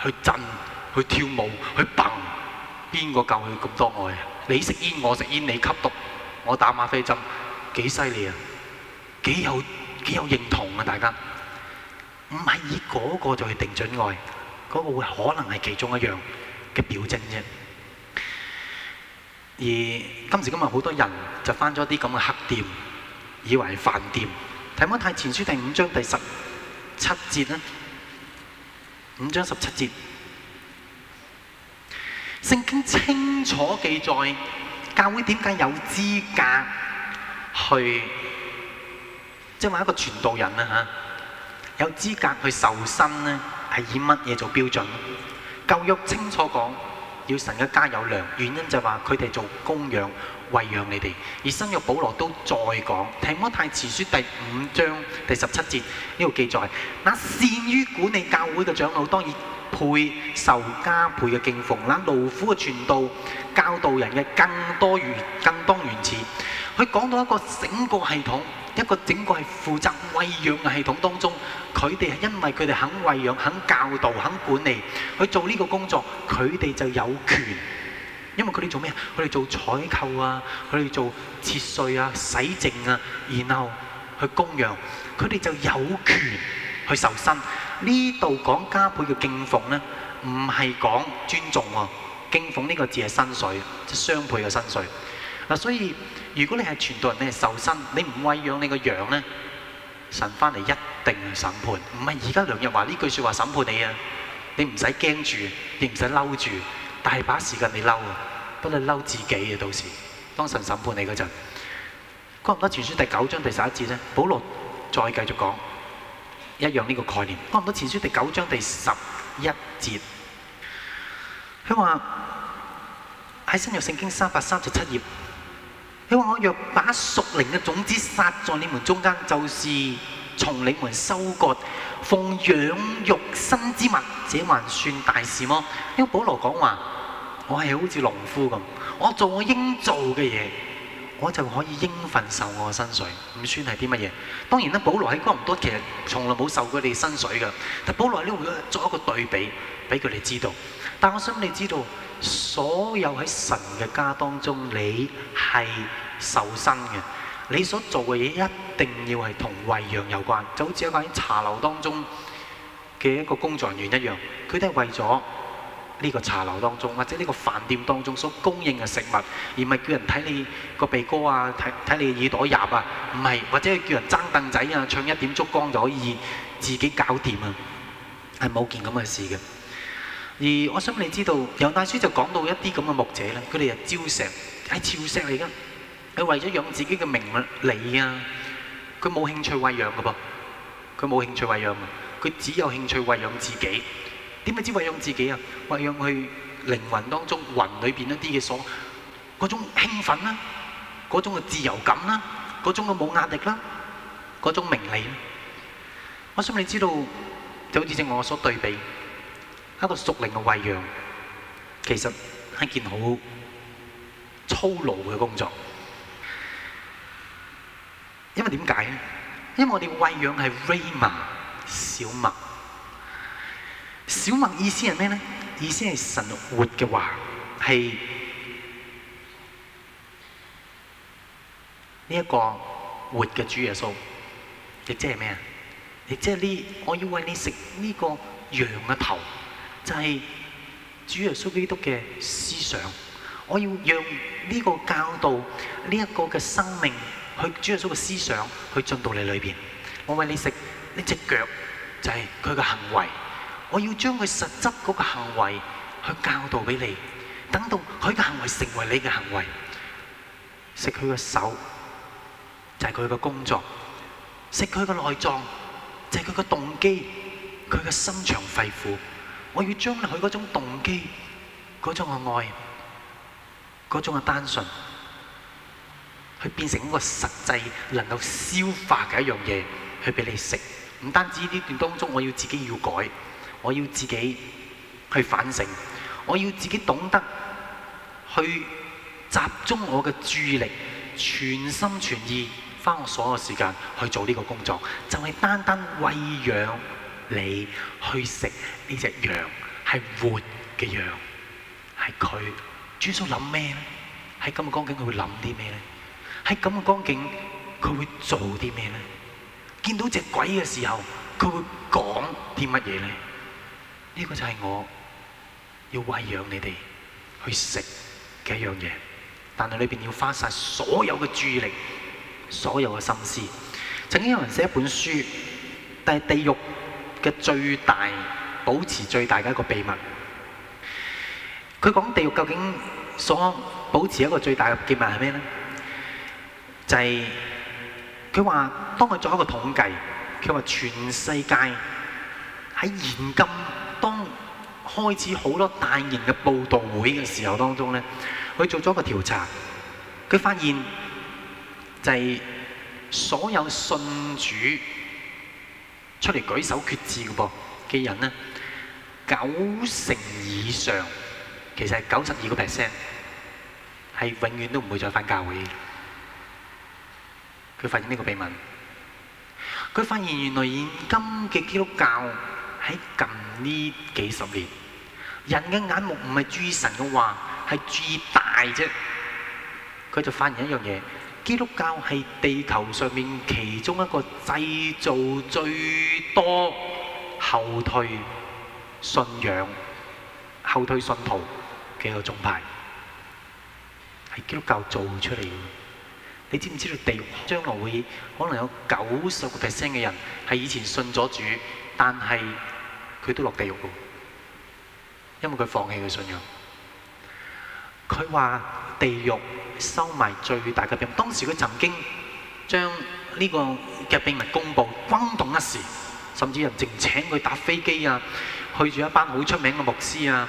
去震、去跳舞、去蹦，邊個教佢咁多愛啊？你食煙，我食煙，你吸毒，我打嗎啡針，幾犀利啊？幾有幾有認同啊？大家唔係以嗰個就去定準愛，嗰個會可能係其中一樣嘅表徵啫。而今時今日好多人就返咗啲咁嘅黑店。以為飯店，睇翻《太前書》第五章第十七節，呢五章十七節，聖經清楚記載教會點解有資格去，即係話一個傳道人啦嚇，有資格去受薪，呢係以乜嘢做標準？教育清楚講，要神嘅家有糧，原因就係話佢哋做供養。餵養你哋，而新約保羅都再講，《提摩太前書》第五章第十七節呢度記載，那善於管理教會嘅長老當然配受加倍嘅敬奉，那勞苦嘅傳道、教導人嘅更多如更當原慈。佢講到一個整個系統，一個整個係負責餵養嘅系統當中，佢哋係因為佢哋肯餵養、肯教導、肯管理去做呢個工作，佢哋就有權。因為佢哋做咩啊？佢哋做採購啊，佢哋做切碎啊、洗淨啊，然後去供養，佢哋就有權去受薪。呢度講加倍嘅敬奉咧，唔係講尊重喎。敬奉呢個字係薪水，即係雙倍嘅薪水。嗱，所以如果你係傳道人，你係受薪，你唔喂養你個羊咧，神翻嚟一定去審判。唔係而家梁日華呢句説話審判你啊！你唔使驚住，你唔使嬲住。大把時間你嬲，啊，不論嬲自己啊，到時當神審判你嗰陣。講唔講前書第九章第十一節咧？保羅再繼續講一樣呢個概念。講唔講前書第九章第十一節？佢話喺新約聖經三百三十七頁。佢話我若把屬靈嘅種子撒在你們中間，就是從你們收割、奉養肉身之物，這還算大事麼？因為保羅講話。我係好似農夫咁，我做我應做嘅嘢，我就可以應份受我嘅薪水，唔算係啲乜嘢。當然啦，保羅喺哥林多其實從來冇受過佢哋薪水嘅，但保羅呢做一個對比，俾佢哋知道。但我想你知道，所有喺神嘅家當中，你係受薪嘅，你所做嘅嘢一定要係同餵養有關，就好似一個喺茶樓當中嘅一個工作人員一樣，佢都係為咗。呢個茶樓當中，或者呢個飯店當中所供應嘅食物，而唔係叫人睇你個鼻哥啊，睇睇你耳朵入啊，唔係，或者叫人爭凳仔啊，唱一點燭光就可以自己搞掂啊，係冇件咁嘅事嘅。而我想你知道，楊大叔就講到一啲咁嘅牧者呢，佢哋就招食，係招食嚟噶，佢為咗養自己嘅名利啊，佢冇興趣餵養㗎噃，佢冇興趣餵養啊，佢只有興趣餵養自己。點解知餵養自己啊？餵養去靈魂當中魂裏面一啲嘅所，嗰種興奮啦，嗰種嘅自由感啦，嗰種嘅冇壓力啦，嗰種名利。我想你知道，就好似正我所對比一個屬靈嘅餵養，其實係件好粗魯嘅工作。因為點解咧？因為我哋餵養係 Raymond 小麥。小麥意思係咩咧？意思係神活嘅話，係呢一個活嘅主耶穌，亦即係咩啊？亦即係呢，我要餵你食呢個羊嘅頭，就係、是、主耶穌基督嘅思想。我要讓呢個教導呢一、這個嘅生命，去主耶穌嘅思想去進到你裏面。我餵你食呢隻腳，就係佢嘅行為。我要將佢實質嗰個行為去教導俾你，等到佢嘅行為成為你嘅行為，食佢個手就係佢個工作，食佢個內臟就係佢個動機，佢嘅心腸肺腑，我要將佢嗰種動機、嗰種嘅愛、嗰種嘅單純，去變成一個實際能夠消化嘅一樣嘢，去俾你食。唔單止呢段當中，我要自己要改。我要自己去反省，我要自己懂得去集中我嘅注意力，全心全意花我所有時間去做呢個工作，就係、是、單單餵養你去食呢隻羊，係活嘅羊，係佢。主所諗咩咧？喺咁嘅光景佢會諗啲咩咧？喺咁嘅光景佢會做啲咩咧？見到隻鬼嘅時候，佢會講啲乜嘢咧？呢個就係我要餵養你哋去食嘅一樣嘢，但係裏邊要花晒所有嘅注意力、所有嘅心思。曾經有人寫一本書，但係地獄嘅最大保持最大嘅一個秘密，佢講地獄究竟所保持一個最大嘅秘密係咩咧？就係佢話當佢做一個統計，佢話全世界喺現今。開始好多大型嘅佈道會嘅時候當中咧，佢做咗個調查，佢發現就係所有信主出嚟舉手決志嘅噃嘅人咧，九成以上其實係九十二個 percent 係永遠都唔會再返教會。佢發現呢個秘密，佢發現原來現今嘅基督教喺近呢幾十年。人嘅眼目唔係注意神嘅話，係注意大啫。佢就發現一樣嘢：基督教係地球上面其中一個製造最多後退信仰、後退信徒嘅一個宗派，係基督教做出嚟嘅。你知唔知道地獄將來會可能有九十個 percent 嘅人係以前信咗主，但係佢都落地獄㗎。因為佢放棄佢信仰，佢話地獄收埋最大嘅秘密。當時佢曾經將呢個嘅秘密公佈，轟動一時，甚至人仲請佢搭飛機啊，去住一班好出名嘅牧師啊，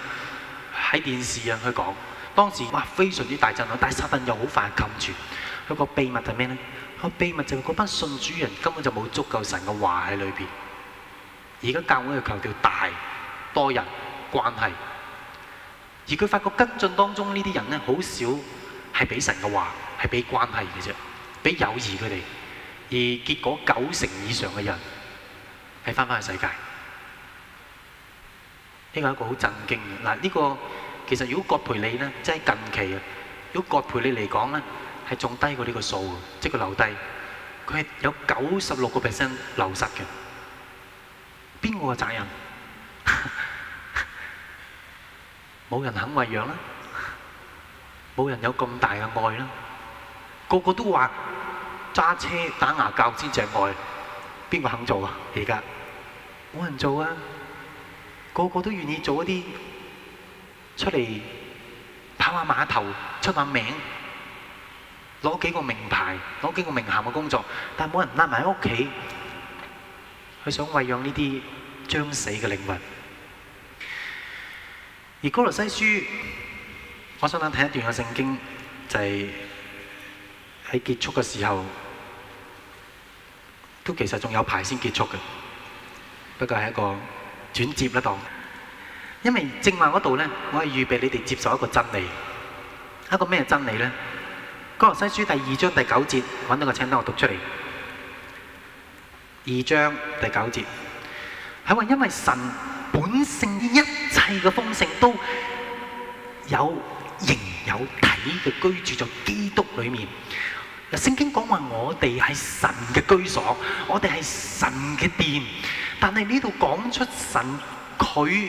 喺電視啊去講。當時哇非常之大震撼，但係撒但又好快冚住。佢個秘密係咩呢？個秘密就係嗰班信主人根本就冇足夠神嘅話喺裏邊。而家教會要強調大多人。關係，而佢發覺跟進當中呢啲人咧，好少係俾神嘅話，係俾關係嘅啫，俾友誼佢哋，而結果九成以上嘅人係翻返去世界，呢個係一個好震驚嘅。嗱呢個其實如果葛培理咧，即係近期啊，如果葛培理嚟講咧，係仲低過呢個數嘅，即係佢留低，佢係有九十六個 percent 流失嘅，邊個嘅責任？冇人肯餵養啦，冇人有咁大嘅愛啦，個個都話揸車打牙教先正愛，邊個肯做啊？而家冇人做啊，個個都願意做一啲出嚟跑下碼頭出下名，攞幾個名牌攞幾個名銜嘅工作，但係冇人拉埋屋企，佢想餵養呢啲將死嘅靈魂。而哥羅西書，我想睇一段嘅聖經，就係、是、喺結束嘅時候，都其實仲有排先結束嘅，不過係一個轉折啦，當因為正話嗰度呢，我係預備你哋接受一個真理，一個咩真理呢？哥羅西書第二章第九節，搵到個清單我讀出嚟，二章第九節係話因為神本性一。嘅豐盛都有形有體嘅居住在基督裏面。嗱，聖經講話我哋係神嘅居所，我哋係神嘅殿。但係呢度講出神佢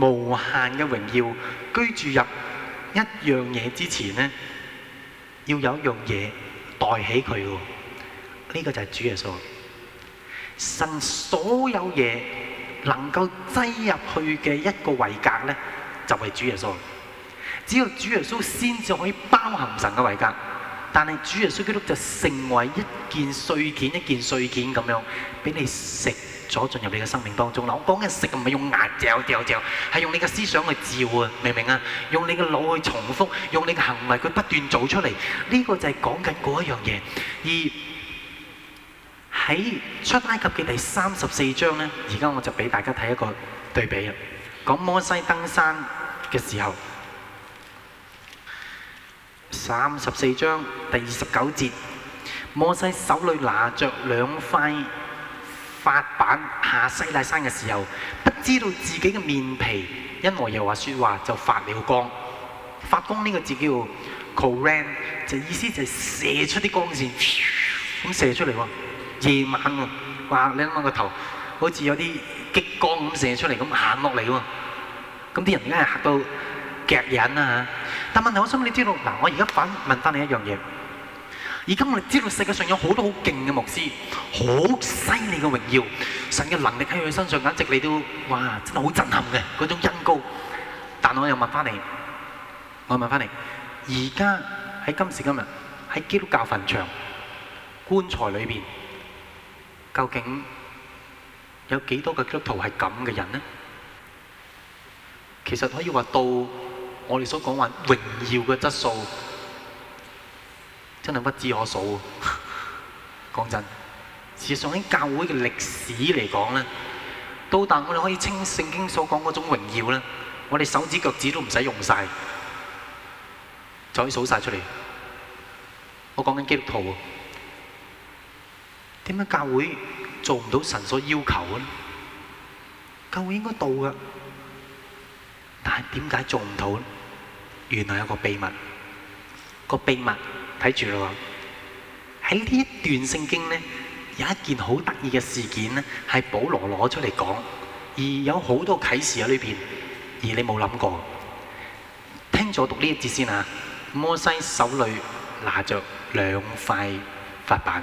無限嘅榮耀居住入一樣嘢之前咧，要有一樣嘢代起佢嘅。呢個就係主耶穌，神所有嘢。能夠擠入去嘅一個位格呢，就係、是、主耶穌。只有主耶穌先至可以包含神嘅位格。但係主耶穌基督就成為一件碎件，一件碎件咁樣俾你食咗，進入你嘅生命當中。我講緊食唔係用牙嚼嚼嚼，係用你嘅思想去召喚啊，明唔明啊？用你嘅腦去重複，用你嘅行為去不斷做出嚟。呢、這個就係講緊嗰一樣嘢。而喺出埃及嘅第三十四章呢，而家我就俾大家睇一個對比啊！講摩西登山嘅時候，三十四章第二十九節，摩西手裏拿着兩塊法板下西奈山嘅時候，不知道自己嘅面皮因何又話說話就發了光，發光呢個字叫 coran，就意思就係射出啲光線，咁射出嚟喎。夜晚喎，哇！你諗下個頭好似有啲激光咁射出嚟咁行落嚟喎，咁啲人梗係嚇到夾人啊！但問題我想你知道，嗱，我而家反問翻你一樣嘢。而家我哋知道世界上有好多好勁嘅牧師，好犀利嘅榮耀，神嘅能力喺佢身上，簡直你都哇，真係好震撼嘅嗰種恩膏。但我又問翻你，我問翻你，而家喺今時今日喺基督教墳場棺材裏邊？究竟有幾多個基督徒係咁嘅人咧？其實可以話到我哋所講話榮耀嘅質素，真係屈指可數。講真，事實上喺教會嘅歷史嚟講咧，到達我哋可以稱聖經所講嗰種榮耀咧，我哋手指腳趾都唔使用曬，就可以數曬出嚟。我講緊基督徒喎。點解教會做唔到神所要求嘅咧？教會應該到噶，但係點解做唔到咧？原來有個秘密，個秘密睇住啦喎！喺呢一段聖經咧，有一件好得意嘅事件咧，係保羅攞出嚟講，而有好多啟示喺裏邊，而你冇諗過。聽咗讀呢一節先啊！摩西手裏拿着兩塊法板。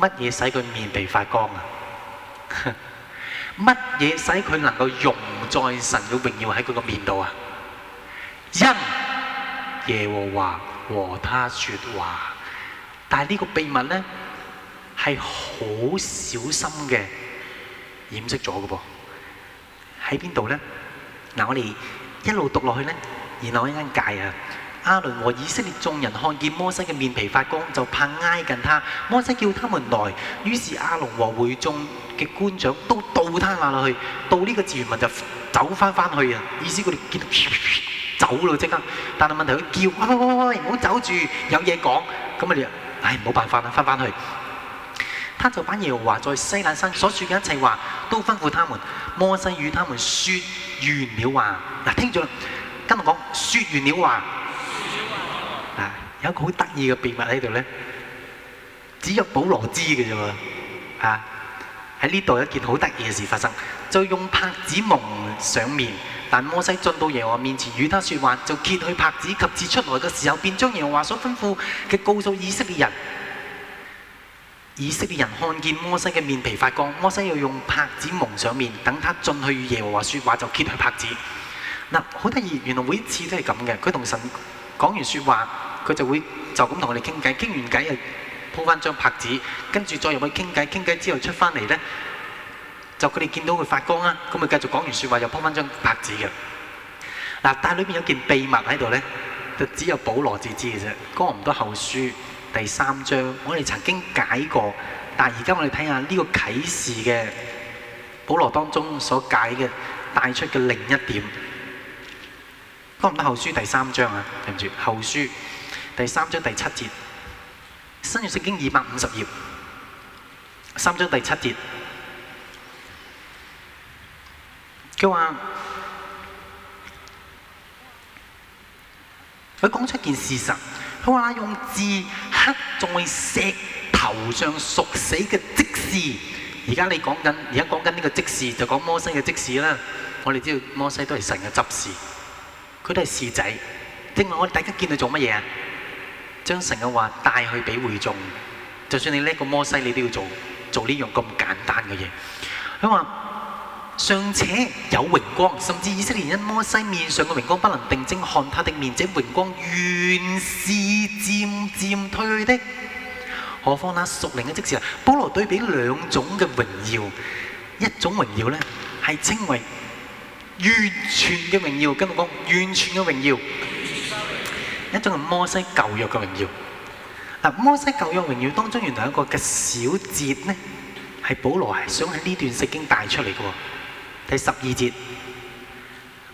乜嘢使佢面皮發光啊？乜嘢使佢能夠容在神嘅榮耀喺佢個面度啊？因耶和華和他說話，但係呢個秘密咧，係好小心嘅掩飾咗嘅噃，喺邊度咧？嗱，我哋一路讀落去咧，然後一陣間解啊！阿倫和以色列眾人看見摩西嘅面皮發光，就怕挨近他。摩西叫他們來，於是阿倫和會眾嘅官長都倒他下落去，到呢個時，人民就走翻翻去啊！意思佢哋見到走咯，即刻。但係問題佢叫喂喂喂，唔好走住有嘢講，咁啊你啊，唉冇辦法啦，翻翻去。他就把耶和華在西乃山所說嘅一切話都吩咐他們。摩西與他們說完了話，嗱，聽住，今日講說完了話。有一個好得意嘅秘密喺度咧，只有保羅知嘅啫喎。啊，喺呢度有一件好得意嘅事發生，就用帕子蒙上面。但摩西進到耶和華面前與他說話，就揭去帕子，及至出來嘅時候，便將耶和華所吩咐嘅告訴以色列人。以色列人看見摩西嘅面皮發光，摩西又用帕子蒙上面，等他進去與耶和華說話，就揭去帕子。嗱，好得意，原來每一次都係咁嘅。佢同神講完說話。佢就會就咁同我哋傾偈，傾完偈又鋪翻張帕子，跟住再入去傾偈，傾偈之後出翻嚟咧，就佢哋見到佢發光啦，咁佢繼續講完說話又鋪翻張帕子嘅。嗱，但係裏邊有件秘密喺度咧，就只有保羅自知嘅啫。哥林多後書第三章，我哋曾經解過，但係而家我哋睇下呢個啟示嘅保羅當中所解嘅帶出嘅另一點。哥林多後書第三章啊，對唔住，後書。第三章第七節，《新約聖經》二百五十頁，三章第七節，佢話佢講出一件事實。佢話用字刻在石頭上，熟死嘅即事。而家你講緊，而家講緊呢個即事，就講摩西嘅即事啦。我哋知道摩西都係神嘅執事，佢都係侍仔。聽我，我哋大家見到佢做乜嘢啊？將神嘅話帶去俾會眾，就算你叻個摩西，你都要做做呢樣咁簡單嘅嘢。佢話尚且有榮光，甚至以色列人因摩西面上嘅榮光不能定睛看他的面，即榮光原是漸漸退的。何況那屬靈嘅職事啊！保羅對比兩種嘅榮耀，一種榮耀咧係稱為完全嘅榮耀，跟住講完全嘅榮耀。一種係摩西舊約嘅榮耀。嗱，摩西舊約榮耀當中，原來有一個嘅小節咧，係保羅係想喺呢段聖經帶出嚟嘅喎。第十二節，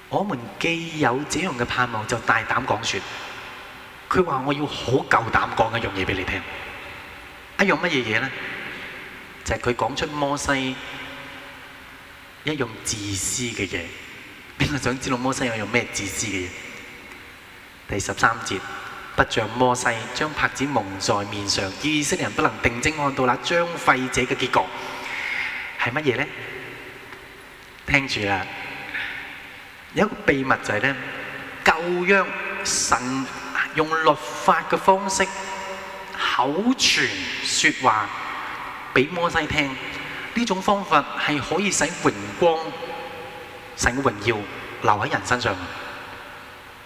我們既有這樣嘅盼望，就大膽講説。佢話我要好夠膽講一樣嘢俾你聽。一樣乜嘢嘢咧？就係佢講出摩西一樣自私嘅嘢。邊個想知道摩西有咩自私嘅嘢？第十三節，不像摩西將帕子蒙在面上，以色列人不能定睛看到那將廢者嘅結局係乜嘢咧？聽住啦，有一個秘密就係咧，舊約神用律法嘅方式口傳說話俾摩西聽，呢種方法係可以使榮光、使榮耀留喺人身上。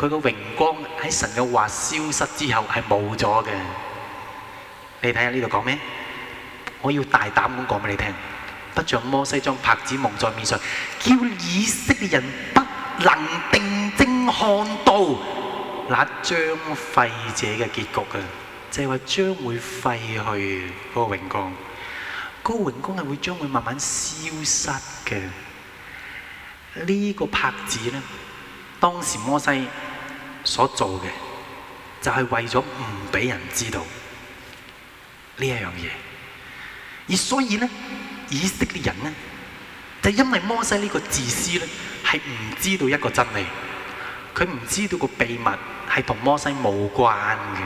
佢個榮光喺神嘅話消失之後係冇咗嘅。你睇下呢度講咩？我要大膽咁講俾你聽，不像摩西將帕子蒙在面上，叫以色列人不能定睛看到那將廢者嘅結局嘅，就係話將會廢去嗰個榮光。嗰個榮光係會將會慢慢消失嘅。呢個帕子咧，當時摩西所做嘅就係、是、為咗唔俾人知道呢一樣嘢，而所以呢，以色列人呢，就因為摩西呢個自私咧，係唔知道一個真理，佢唔知道個秘密係同摩西無關嘅。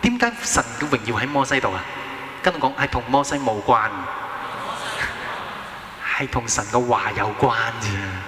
點解神嘅榮耀喺摩西度啊？跟我講係同摩西無關，係 同神嘅話有關啫。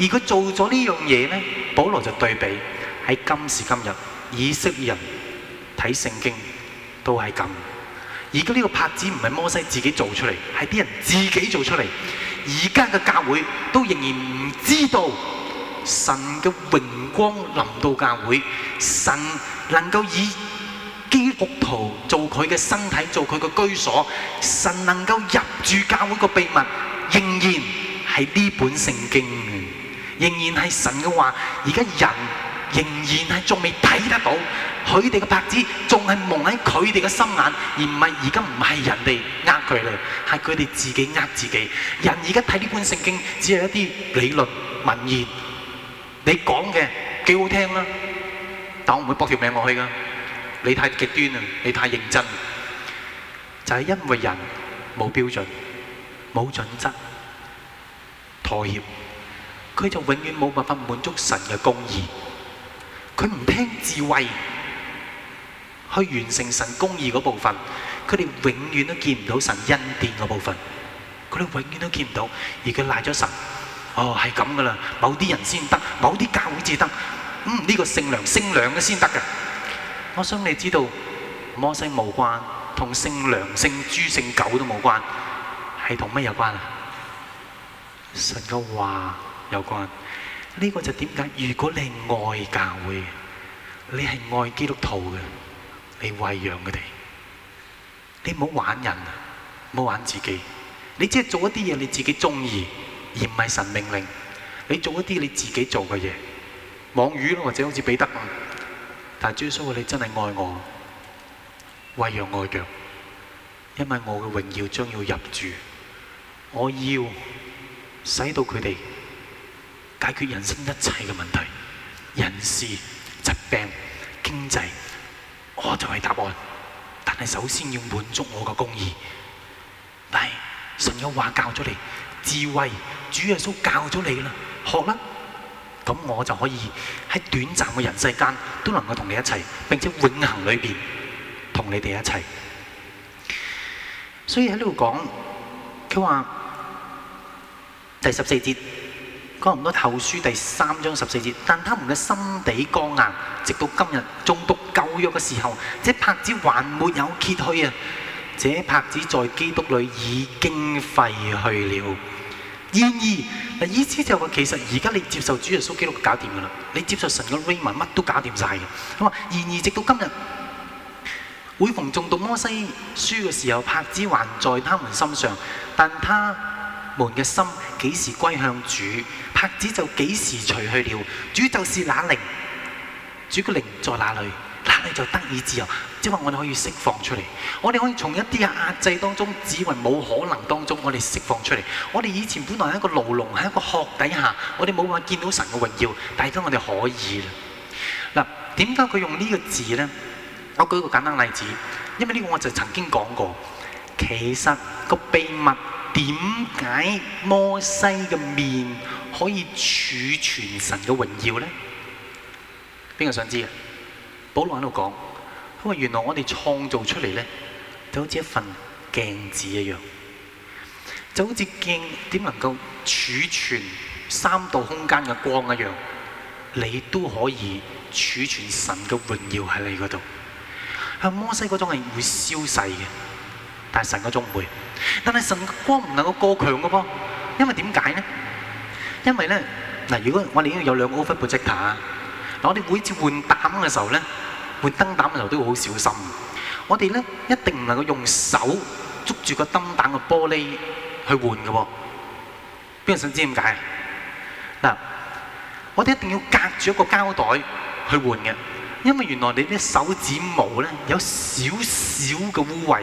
而佢做咗呢樣嘢咧，保羅就對比喺今時今日，以色列人睇聖經都係咁。而家呢個拍子唔係摩西自己做出嚟，係啲人自己做出嚟。而家嘅教會都仍然唔知道神嘅榮光臨到教會，神能夠以基督徒做佢嘅身體，做佢嘅居所，神能夠入住教會個秘密，仍然係呢本聖經。仍然係神嘅話，而家人仍然係仲未睇得到，佢哋嘅帕子仲係蒙喺佢哋嘅心眼，而唔係而家唔係人哋呃佢哋，係佢哋自己呃自己。人而家睇呢本聖經只係一啲理論文言，你講嘅幾好聽啦，但我唔會搏條命落去噶。你太極端啦，你太認真，就係因為人冇標準，冇準則，妥協。佢就永遠冇辦法滿足神嘅公義，佢唔聽智慧去完成神公義嗰部分，佢哋永遠都見唔到神恩典嗰部分，佢哋永遠都見唔到。而佢賴咗神，哦，係咁噶啦，某啲人先得，某啲教會至得，嗯，呢個姓梁姓梁嘅先得嘅。我想你知道摩西無關，同姓梁姓朱姓狗都無關，係同咩有關啊？神嘅話。有關呢個就點解？如果你係愛教會，你係愛基督徒嘅，你餵養佢哋。你唔好玩人，唔好玩自己。你只係做一啲嘢你自己中意，而唔係神命令。你做一啲你自己做嘅嘢，網魚或者好似彼得啊。但係耶穌，你真係愛我，餵養我羊，因為我嘅榮耀將要入住。我要使到佢哋。解決人生一切嘅問題，人事、疾病、經濟，我就係答案。但係首先要滿足我個公義。但係神有話教咗你，智慧主耶穌教咗你啦，學啦，咁我就可以喺短暫嘅人世間都能夠同你一齊，並且永恆裏面同你哋一齊。所以喺呢度講，佢話第十四節。《哥林多後書》第三章十四節，但他們嘅心地剛硬，直到今日誦讀舊約嘅時候，這帕子還沒有揭去啊！這帕子在基督裏已經廢去了。然而，嗱，意思就係話其實而家你接受主耶穌基督搞掂㗎啦，你接受神嘅靈文乜都搞掂曬嘅。咁啊，然而直到今日，每逢誦讀摩西書嘅時候，帕子還在他們心上，但他門嘅心幾時歸向主，拍子就幾時除去了。主就是那靈，主嘅靈在哪裏？那裏就得以自由，即係話我哋可以釋放出嚟。我哋可以從一啲嘅壓制當中，以為冇可能當中，我哋釋放出嚟。我哋以前本來係一個牢籠，喺一個殼底下，我哋冇辦法見到神嘅榮耀，但係而家我哋可以啦。嗱，點解佢用呢個字呢？我舉個簡單例子，因為呢個我就曾經講過，其實個秘密。點解摩西嘅面可以儲存神嘅榮耀呢？邊個想知啊？保羅喺度講，佢話原來我哋創造出嚟咧，就好似一份鏡子一樣，就好似鏡點能夠儲存三度空間嘅光一樣，你都可以儲存神嘅榮耀喺你嗰度。阿摩西嗰種係會消逝嘅，但係神嗰種唔會。但係神光唔能夠過強嘅噃，因為點解呢？因為呢嗱，如果我哋要有兩個 overhead projector，嗱我哋每次換膽嘅時候呢，換燈膽嘅時候都要好小心。我哋呢一定唔能夠用手捉住個燈膽嘅玻璃去換嘅，邊個想知點解？嗱，我哋一定要隔住一個膠袋去換嘅，因為原來你啲手指毛呢有少少嘅污穢。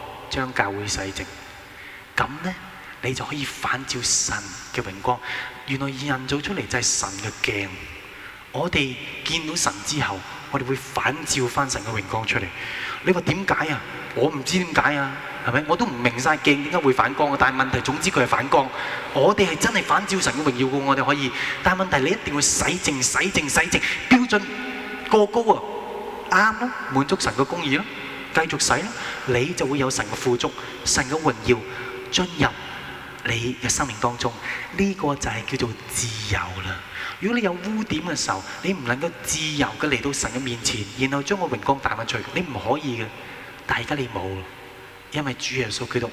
將教會洗淨，咁咧你就可以反照神嘅榮光。原來人做出嚟就係神嘅鏡，我哋見到神之後，我哋會反照翻神嘅榮光出嚟。你話點解啊？我唔知點解啊，係咪？我都唔明晒鏡點解會反光啊！但係問題，總之佢係反光。我哋係真係反照神嘅榮耀嘅，我哋可以。但係問題，你一定要洗淨、洗淨、洗淨，標準過高啊，啱咯，滿足神嘅公義咯。繼續使啦，你就會有神嘅富足、神嘅榮耀進入你嘅生命當中。呢個就係叫做自由啦。如果你有污點嘅時候，你唔能夠自由嘅嚟到神嘅面前，然後將個榮光帶翻出去，你唔可以嘅。但而家你冇，因為主耶穌基督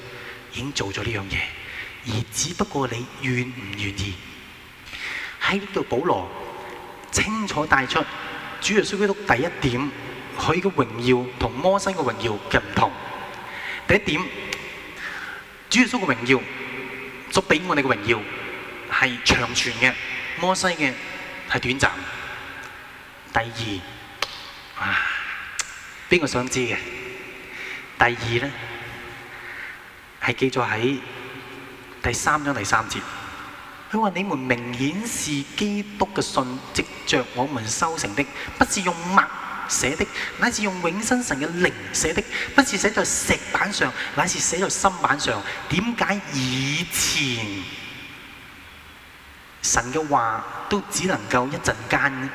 已經做咗呢樣嘢，而只不過你願唔願意。喺呢度保羅清楚帶出主耶穌基督第一點。佢嘅榮耀同摩西嘅榮耀其實唔同。第一點，主耶穌嘅榮耀所俾我哋嘅榮耀係長存嘅，摩西嘅係短暫。第二，邊個想知嘅？第二咧係記載喺第三章第三節。佢話：你們明顯是基督嘅信藉著我們修成的，不是用墨寫的，乃是用永生神嘅靈寫的，不是寫在石板上，乃是寫在心板上。點解以前神嘅話都只能夠一陣間？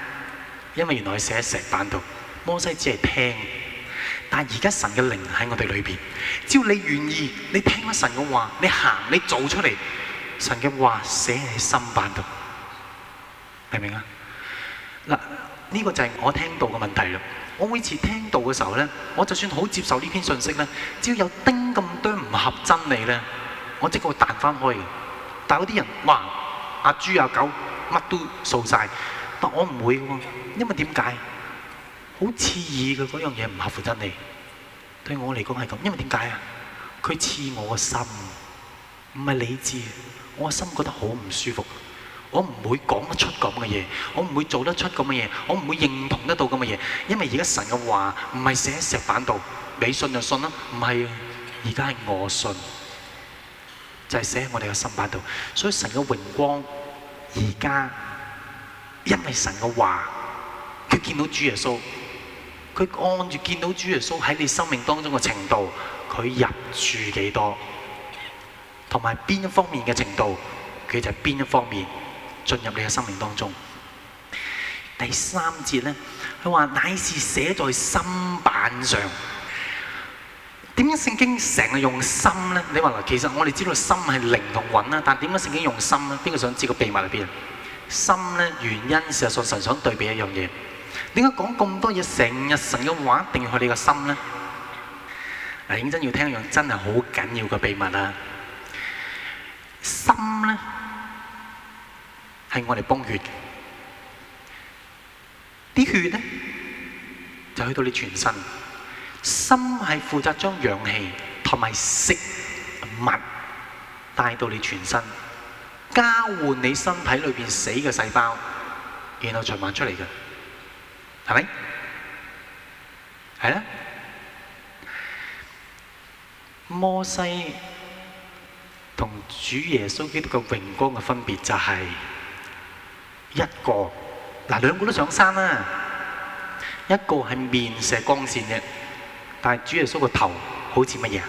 因為原來寫喺石板度，摩西只係聽。但而家神嘅靈喺我哋裏面，只要你願意，你聽咗神嘅話，你行，你做出嚟，神嘅話寫喺心板度，明唔明啊？呢個就係我聽到嘅問題啦。我每次聽到嘅時候咧，我就算好接受呢篇信息咧，只要有丁咁多唔合真理咧，我即刻會彈翻開嘅。但係有啲人話：阿豬阿狗乜都掃晒，但我唔會喎。因為點解？好刺耳嘅嗰樣嘢唔合乎真理，對我嚟講係咁。因為點解啊？佢刺我個心，唔係理智，我個心覺得好唔舒服。我唔會講得出咁嘅嘢，我唔會做得出咁嘅嘢，我唔會認同得到咁嘅嘢。因為而家神嘅話唔係寫喺石板度，你信就信啦，唔係而家係我信，就係寫喺我哋嘅心板度。所以神嘅榮光而家，因為神嘅話，佢見到主耶穌，佢按住見到主耶穌喺你生命當中嘅程度，佢入住幾多，同埋邊一方面嘅程度，佢就係邊一方面。進入你嘅生命當中。第三節呢，佢話乃是寫在心版上。點解聖經成日用心呢？你話，其實我哋知道心係靈同魂啦，但點解聖經用心呢？邊個想知個秘密喺邊啊？心呢，原因事實上神想對比一樣嘢。點解講咁多嘢，成日神嘅話一定要去你個心呢？嗱，認真要聽一樣真係好緊要嘅秘密啊！心呢。係我哋泵血，啲血咧就去到你全身。心係負責將氧氣同埋食物帶到你全身，交換你身體裏邊死嘅細胞，然後循環出嚟嘅，係咪？係啦。摩西同主耶穌基督嘅榮光嘅分別就係。一個嗱兩個都上山啦，一個係面射光線嘅，但係主耶穌個頭好似乜嘢？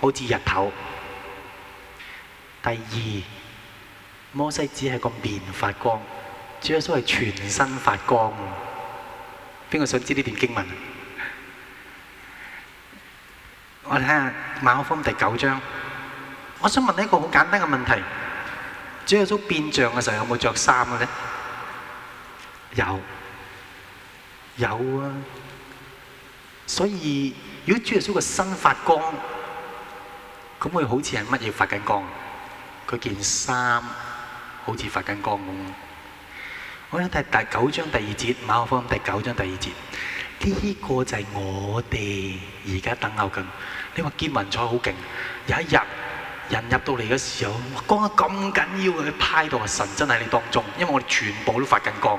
好似日頭。第二摩西只係個面發光，主耶穌係全身發光喎。邊個想知呢段經文啊？我睇下馬可福音第九章，我想問你一個好簡單嘅問題：主耶穌變像嘅時候有冇著衫嘅咧？有，有啊！所以如果主耶穌個身發光，咁佢好似係乜嘢發緊光？佢件衫好似發緊光咁。我想睇第九章第二節，馬可福音第九章第二節，呢個就係我哋而家等候緊。你話見雲彩好勁，有一日人入到嚟嗰時候，光咁緊要啊！佢拍到神真喺你當中，因為我哋全部都發緊光。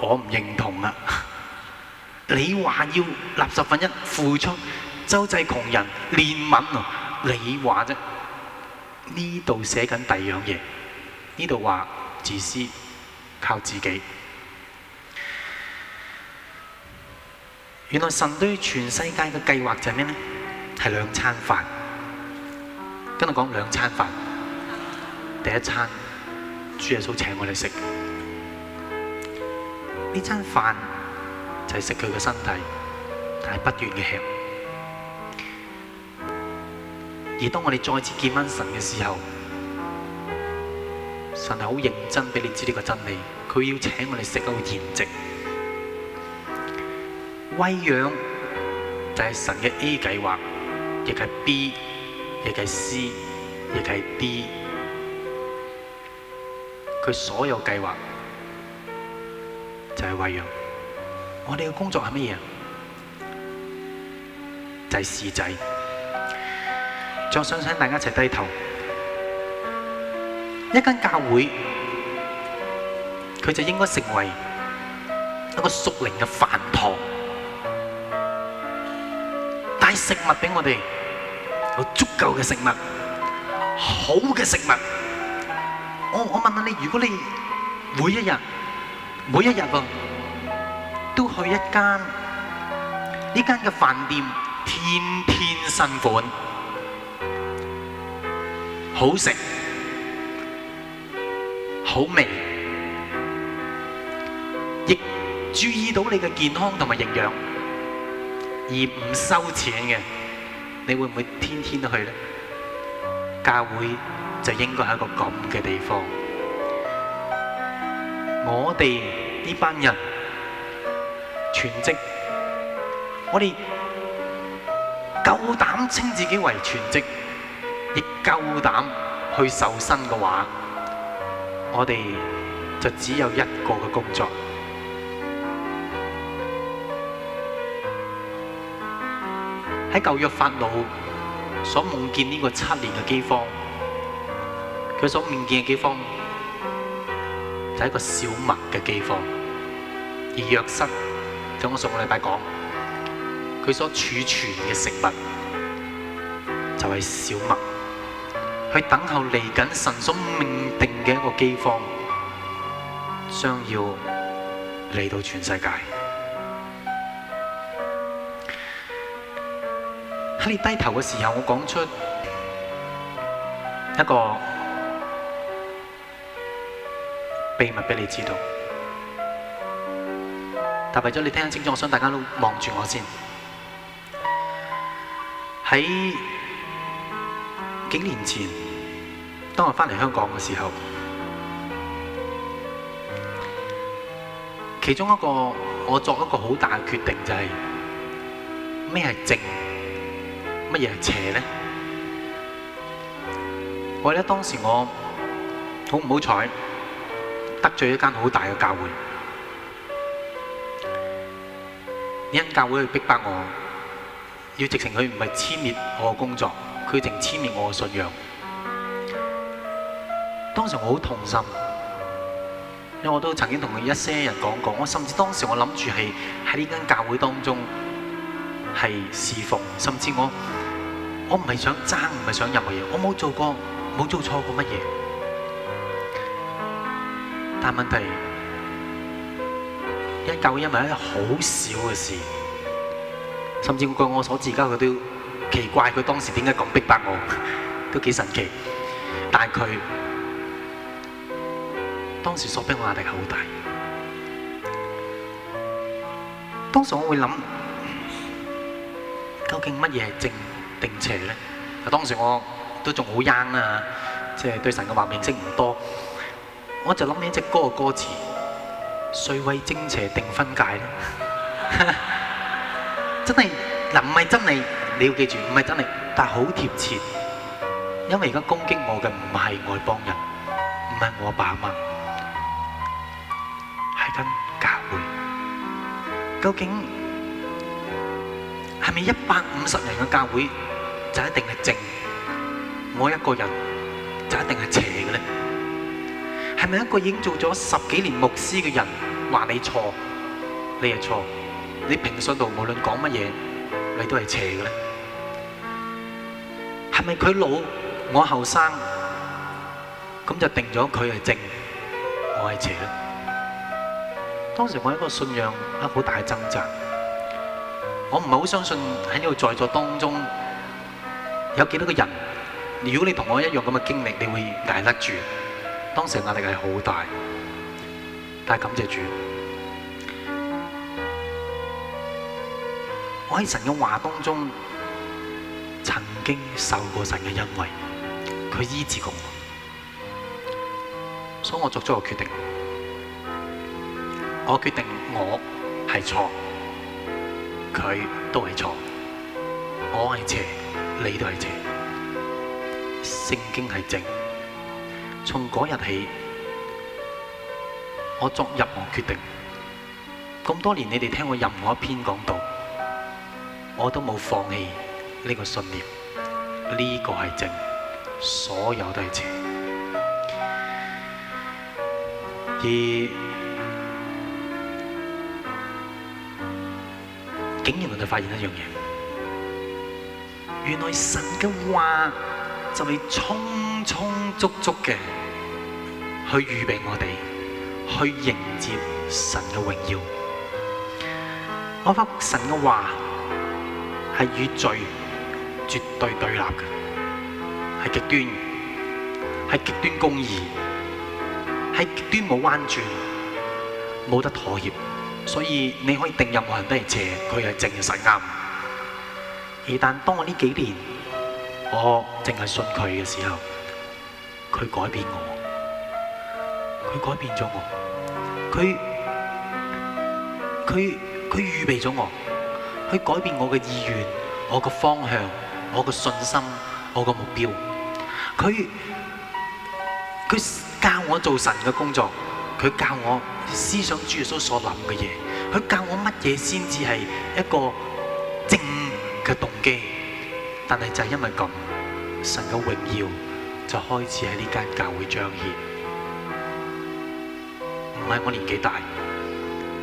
我唔認同啊！ 你話要立十分一付出周濟窮、周濟窮人，憐憫啊！你話啫，呢度寫緊第二樣嘢，呢度話自私，靠自己。原來神對全世界嘅計劃就係咩呢？係兩餐飯。今日講兩餐飯，第一餐主耶穌請我哋食。呢餐飯就係食佢個身體，但係不斷嘅吃。而當我哋再次見翻神嘅時候，神係好認真俾你知呢個真理。佢要請我哋食個筵席，餵養就係神嘅 A 計劃，亦係 B，亦係 C，亦係 D。佢所有計劃。就係餵養，我哋嘅工作係乜嘢？就係餵仔。再想想，大家一齊低頭，一間教會佢就應該成為一個屬靈嘅飯堂，帶食物俾我哋，有足夠嘅食物，好嘅食物。我我問下你，如果你每一日，每一日喎，都去一間呢間嘅飯店，天天新款，好食、好味，亦注意到你嘅健康同埋營養，而唔收錢嘅，你會唔會天天都去呢？教會就應該係一個咁嘅地方。我哋呢班人全職，我哋夠膽稱自己為全職，亦夠膽去受薪嘅話，我哋就只有一個嘅工作。喺舊約法老所夢見呢個七年嘅饑荒，佢所夢見嘅饑荒。第一個小麥嘅饑荒，而約瑟，喺我上個禮拜講，佢所儲存嘅食物就係小麥，佢等候嚟緊神所命定嘅一個饑荒，將要嚟到全世界。喺你低頭嘅時候，我講出一個。秘密俾你知道，但係為咗你聽得清楚，我想大家都望住我先。喺幾年前，當我翻嚟香港嘅時候，其中一個我作一個好大嘅決定，就係咩係正，乜嘢係邪咧？我記得當時我好唔好彩。得罪一間好大嘅教會，因教會去逼迫我，要直情佢唔係殲滅我嘅工作，佢淨殲滅我嘅信仰。當時我好痛心，因為我都曾經同佢一些人講過，我甚至當時我諗住係喺呢間教會當中係侍奉，甚至我我唔係想爭，唔係想任何嘢，我冇做過，冇做錯過乜嘢。但問題一嚿，因為一啲一好小嘅事，甚至我據我所知，而家佢都奇怪佢當時點解咁逼迫我，都幾神奇。但係佢當時所逼我壓力係好大。當時我會諗究竟乜嘢係正定邪咧？當時我都仲好 young 啊，即係對神嘅話認識唔多。我就諗起隻歌嘅歌詞：誰為正邪定分界咧？真係，嗱唔係真係，你要記住，唔係真係，但係好貼切。因為而家攻擊我嘅唔係外邦人，唔係我爸媽，係間教會。究竟係咪一百五十人嘅教會就一定係正咧？我一個人就一定係邪嘅咧？係咪一個已經做咗十幾年牧師嘅人話你錯，你係錯，你平信徒無論講乜嘢，你都係邪咧？係咪佢老我後生，咁就定咗佢係正，我係邪咧？當時我喺嗰個信仰啊，好大嘅掙扎，我唔係好相信喺呢個在座當中有幾多個人，如果你同我一樣咁嘅經歷，你會捱得住？當時壓力係好大，但係感謝主，我喺神嘅話當中曾經受過神嘅恩惠，佢醫治過我，所以我作出個決定，我決定我係錯，佢都係錯，我係邪，你都係邪，聖經係正。從嗰日起，我作任何決定。咁多年你哋聽我任何一篇講道，我都冇放棄呢個信念。呢個係正，所有都係邪。而竟然我哋發現一樣嘢，原來神嘅話就係衝。充足足嘅去預備我哋，去迎接神嘅榮耀。我發覺神嘅話係與罪絕對對立嘅，係極端，係極端公義，係極端冇彎轉，冇得妥協。所以你可以定任何人都係邪，佢係淨係神啱。而但當我呢幾年我淨係信佢嘅時候。佢改變我，佢改變咗我，佢佢佢預備咗我，佢改變我嘅意願，我嘅方向，我嘅信心，我嘅目標。佢佢教我做神嘅工作，佢教我思想主耶穌所諗嘅嘢，佢教我乜嘢先至係一個正嘅動機。但係就係因為咁，神嘅榮耀。就開始喺呢間教會彰顯，唔係我年紀大，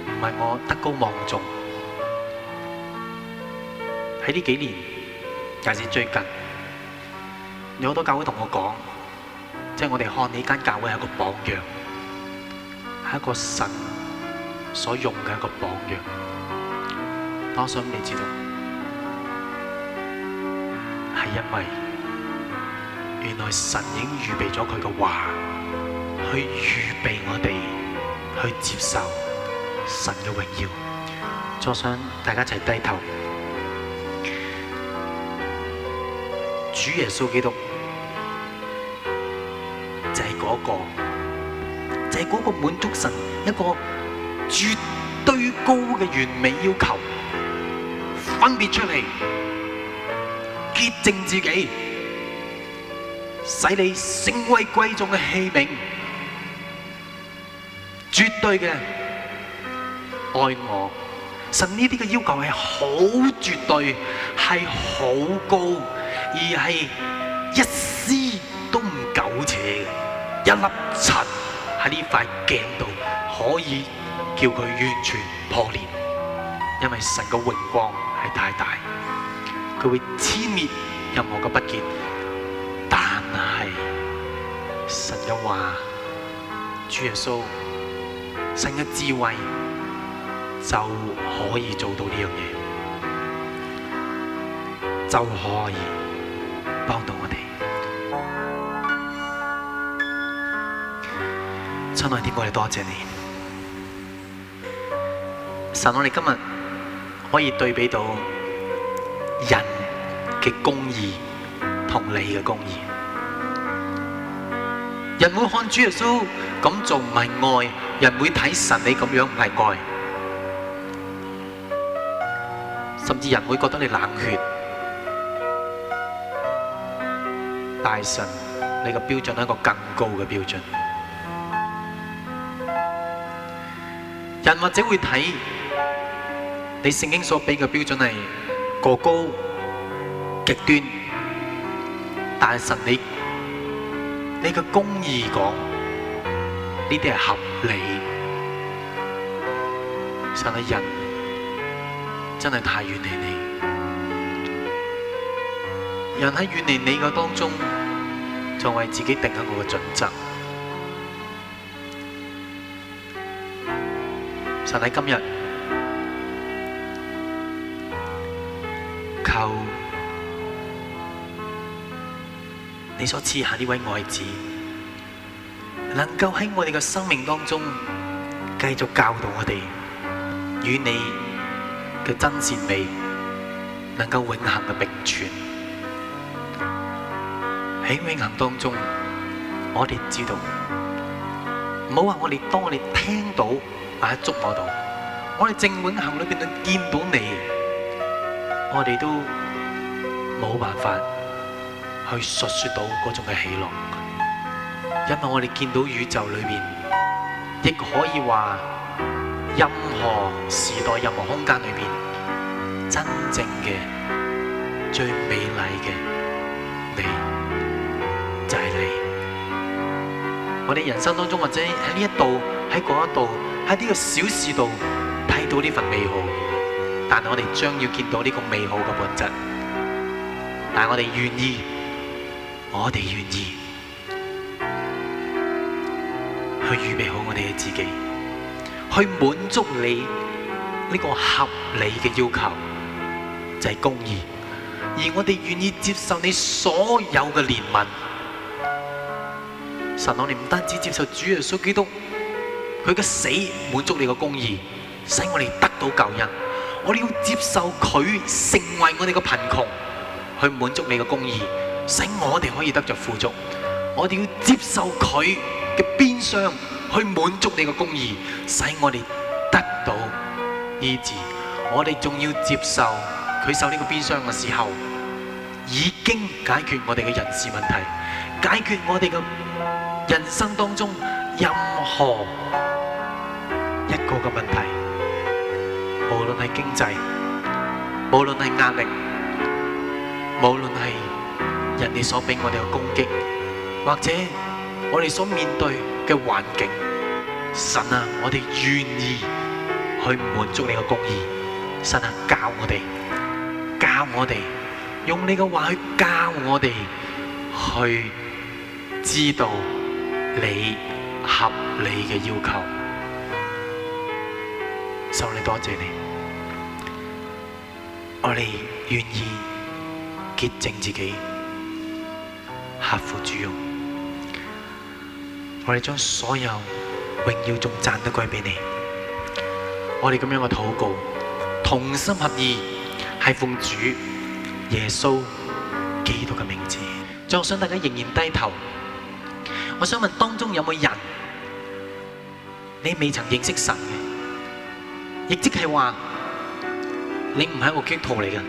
唔係我德高望重，喺呢幾年，尤其是最近，有好多教會同我講，即係我哋看呢間教會係一個榜樣，係一個神所用嘅一個榜樣。我想你知道，係因為。原來神已經預備咗佢嘅話，去預備我哋去接受神嘅榮耀。坐上大家一齊低頭，主耶穌基督就係嗰個，就係嗰個滿足神一個絕對高嘅完美要求，分別出嚟，潔淨自己。使你成為貴重嘅器皿，絕對嘅愛我。神呢啲嘅要求係好絕對，係好高，而係一絲都唔苟且嘅。一粒塵喺呢塊鏡度，可以叫佢完全破裂，因為神嘅榮光係太大，佢會殲滅任何嘅不潔。神嘅話，主耶穌，神嘅智慧就可以做到呢樣嘢，就可以幫到我哋。親愛的我哋多謝你，神我哋今日可以對比到人嘅公義同你嘅公義。人會看主耶穌咁做唔係愛？人會睇神你咁樣唔係愛，甚至人會覺得你冷血。但神你個標準係一個更高嘅標準。人或者會睇你聖經所俾嘅標準係過高、極端，但神你。你嘅公義講，呢啲係合理。神啊，人真係太遠離你。人喺遠離你嘅當中，就為自己定下個準則。神喺今日求。你所賜下呢位愛子，能夠喺我哋嘅生命當中繼續教導我哋，與你嘅真善美能夠永恆嘅並存。喺永恆當中，我哋知道，唔好話我哋當我哋聽到或者觸摸到，我哋正永恆裏面見到你，我哋都冇辦法。去述說到嗰種嘅喜樂，因為我哋見到宇宙裏面，亦可以話任何時代、任何空間裏面，真正嘅最美麗嘅你，就係你。我哋人生當中或者喺呢一度、喺嗰一度、喺呢個小事度睇到呢份美好，但我哋將要見到呢個美好嘅本質，但我哋願意。我哋願意去預備好我哋嘅自己，去滿足你呢個合理嘅要求，就係公義。而我哋願意接受你所有嘅憐憫。神，我哋唔單止接受主耶穌基督，佢嘅死滿足你嘅公義，使我哋得到救恩。我哋要接受佢成為我哋嘅貧窮，去滿足你嘅公義。使我哋可以得着富足，我哋要接受佢嘅鞭傷去滿足你嘅公義，使我哋得到醫治。我哋仲要接受佢受呢個鞭傷嘅時候，已經解決我哋嘅人事問題，解決我哋嘅人生當中任何一個嘅問題，無論係經濟，無論係壓力，無論係。人哋所俾我哋嘅攻擊，或者我哋所面對嘅環境，神啊，我哋願意去滿足你嘅公義。神啊，教我哋，教我哋，用你嘅話去教我哋，去知道你合理嘅要求。神啊，多謝你，我哋願意潔淨自己。合乎主用，我哋將所有榮耀仲讚都歸俾你。我哋咁樣嘅禱告，同心合意，係奉主耶穌基督嘅名字。最後想大家仍然低頭，我想問當中有冇人，你未曾認識神嘅，亦即係話你唔係一個基督徒嚟嘅，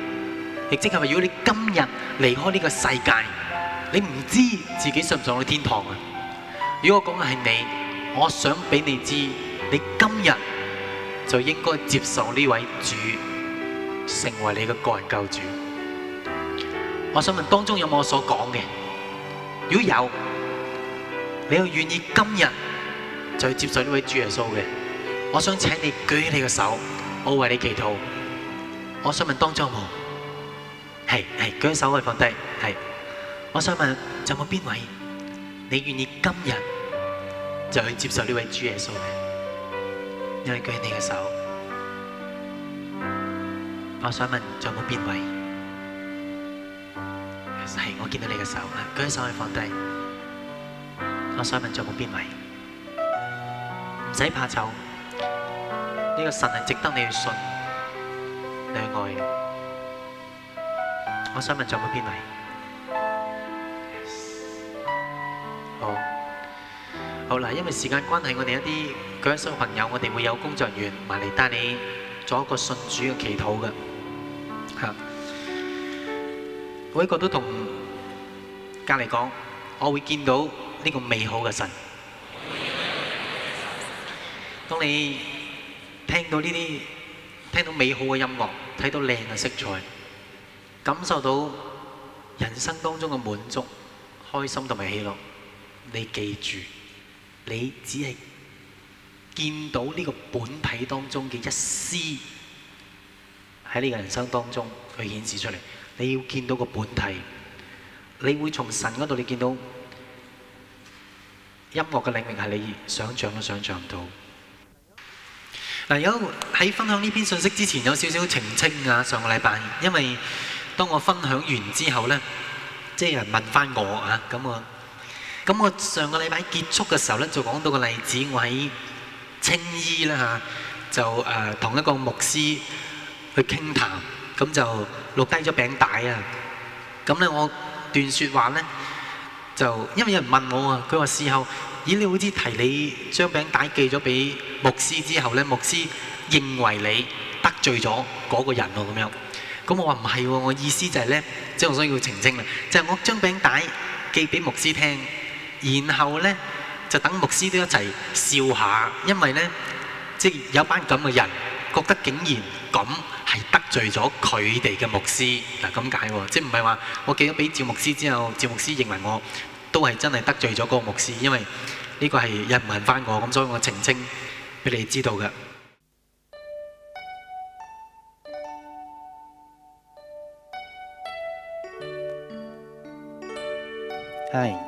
亦即係話如果你今日離開呢個世界。你唔知自己上唔上到天堂啊？如果我講嘅係你，我想俾你知，你今日就應該接受呢位主，成為你嘅個人救主。我想問當中有冇我所講嘅？如果有，你要願意今日就接受呢位主耶穌嘅，我想請你舉起你嘅手，我為你祈禱。我想問當中有冇？係係，舉起手我哋放低，係。我想問有冇邊位你願意今日就去接受呢位主耶穌嘅？因為舉起你嘅手，我想問有冇邊位係？我見到你嘅手，舉起手去放低，我想問有冇邊位？唔使怕醜，呢個神係值得你去信你去愛，我想問有冇邊位？好，好啦。因為時間關係，我哋一啲舉手嘅朋友，我哋會有工作人員埋嚟帶你做一個信主嘅祈禱嘅吓。每一個都同隔籬講，我會見到呢個美好嘅神。當你聽到呢啲聽到美好嘅音樂，睇到靚嘅色彩，感受到人生當中嘅滿足，開心同埋喜樂。你記住，你只係見到呢個本體當中嘅一絲喺呢個人生當中去顯示出嚟。你要見到個本體，你會從神嗰度，你見到音樂嘅領域係你想象都想象唔到。嗱，有喺分享呢篇信息之前，有少少澄清啊。上個禮拜，因為當我分享完之後呢，即係人問返我啊，咁我上個禮拜結束嘅時候咧，就講到個例子，我喺青衣啦吓，就誒同一個牧師去傾談，咁就錄低咗餅帶啊。咁咧我段説話咧，就因為有人問我啊，佢話事後，咦你好似提你將餅帶寄咗俾牧師之後咧，牧師認為你得罪咗嗰個人喎咁樣。咁我話唔係喎，我意思就係咧，即係我想要澄清啊，就係我將餅帶寄俾牧師聽。然後呢就等牧師都一齊笑下，因為呢即係有班咁嘅人覺得竟然咁係得罪咗佢哋嘅牧師嗱咁解喎，即係唔係話我寄咗俾趙牧師之後，趙牧師認為我都係真係得罪咗嗰個牧師，因為呢個係有人問翻我咁，所以我澄清俾你知道嘅係。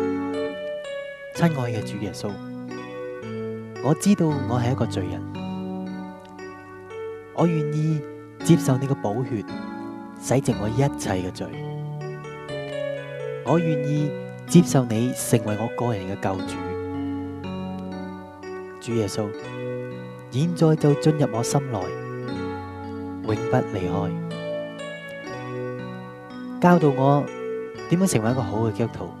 親愛嘅主耶穌，我知道我係一個罪人，我願意接受你嘅寶血洗淨我一切嘅罪，我願意接受你成為我個人嘅救主。主耶穌，現在就進入我心內，永不離開，教導我點樣成為一個好嘅基督徒。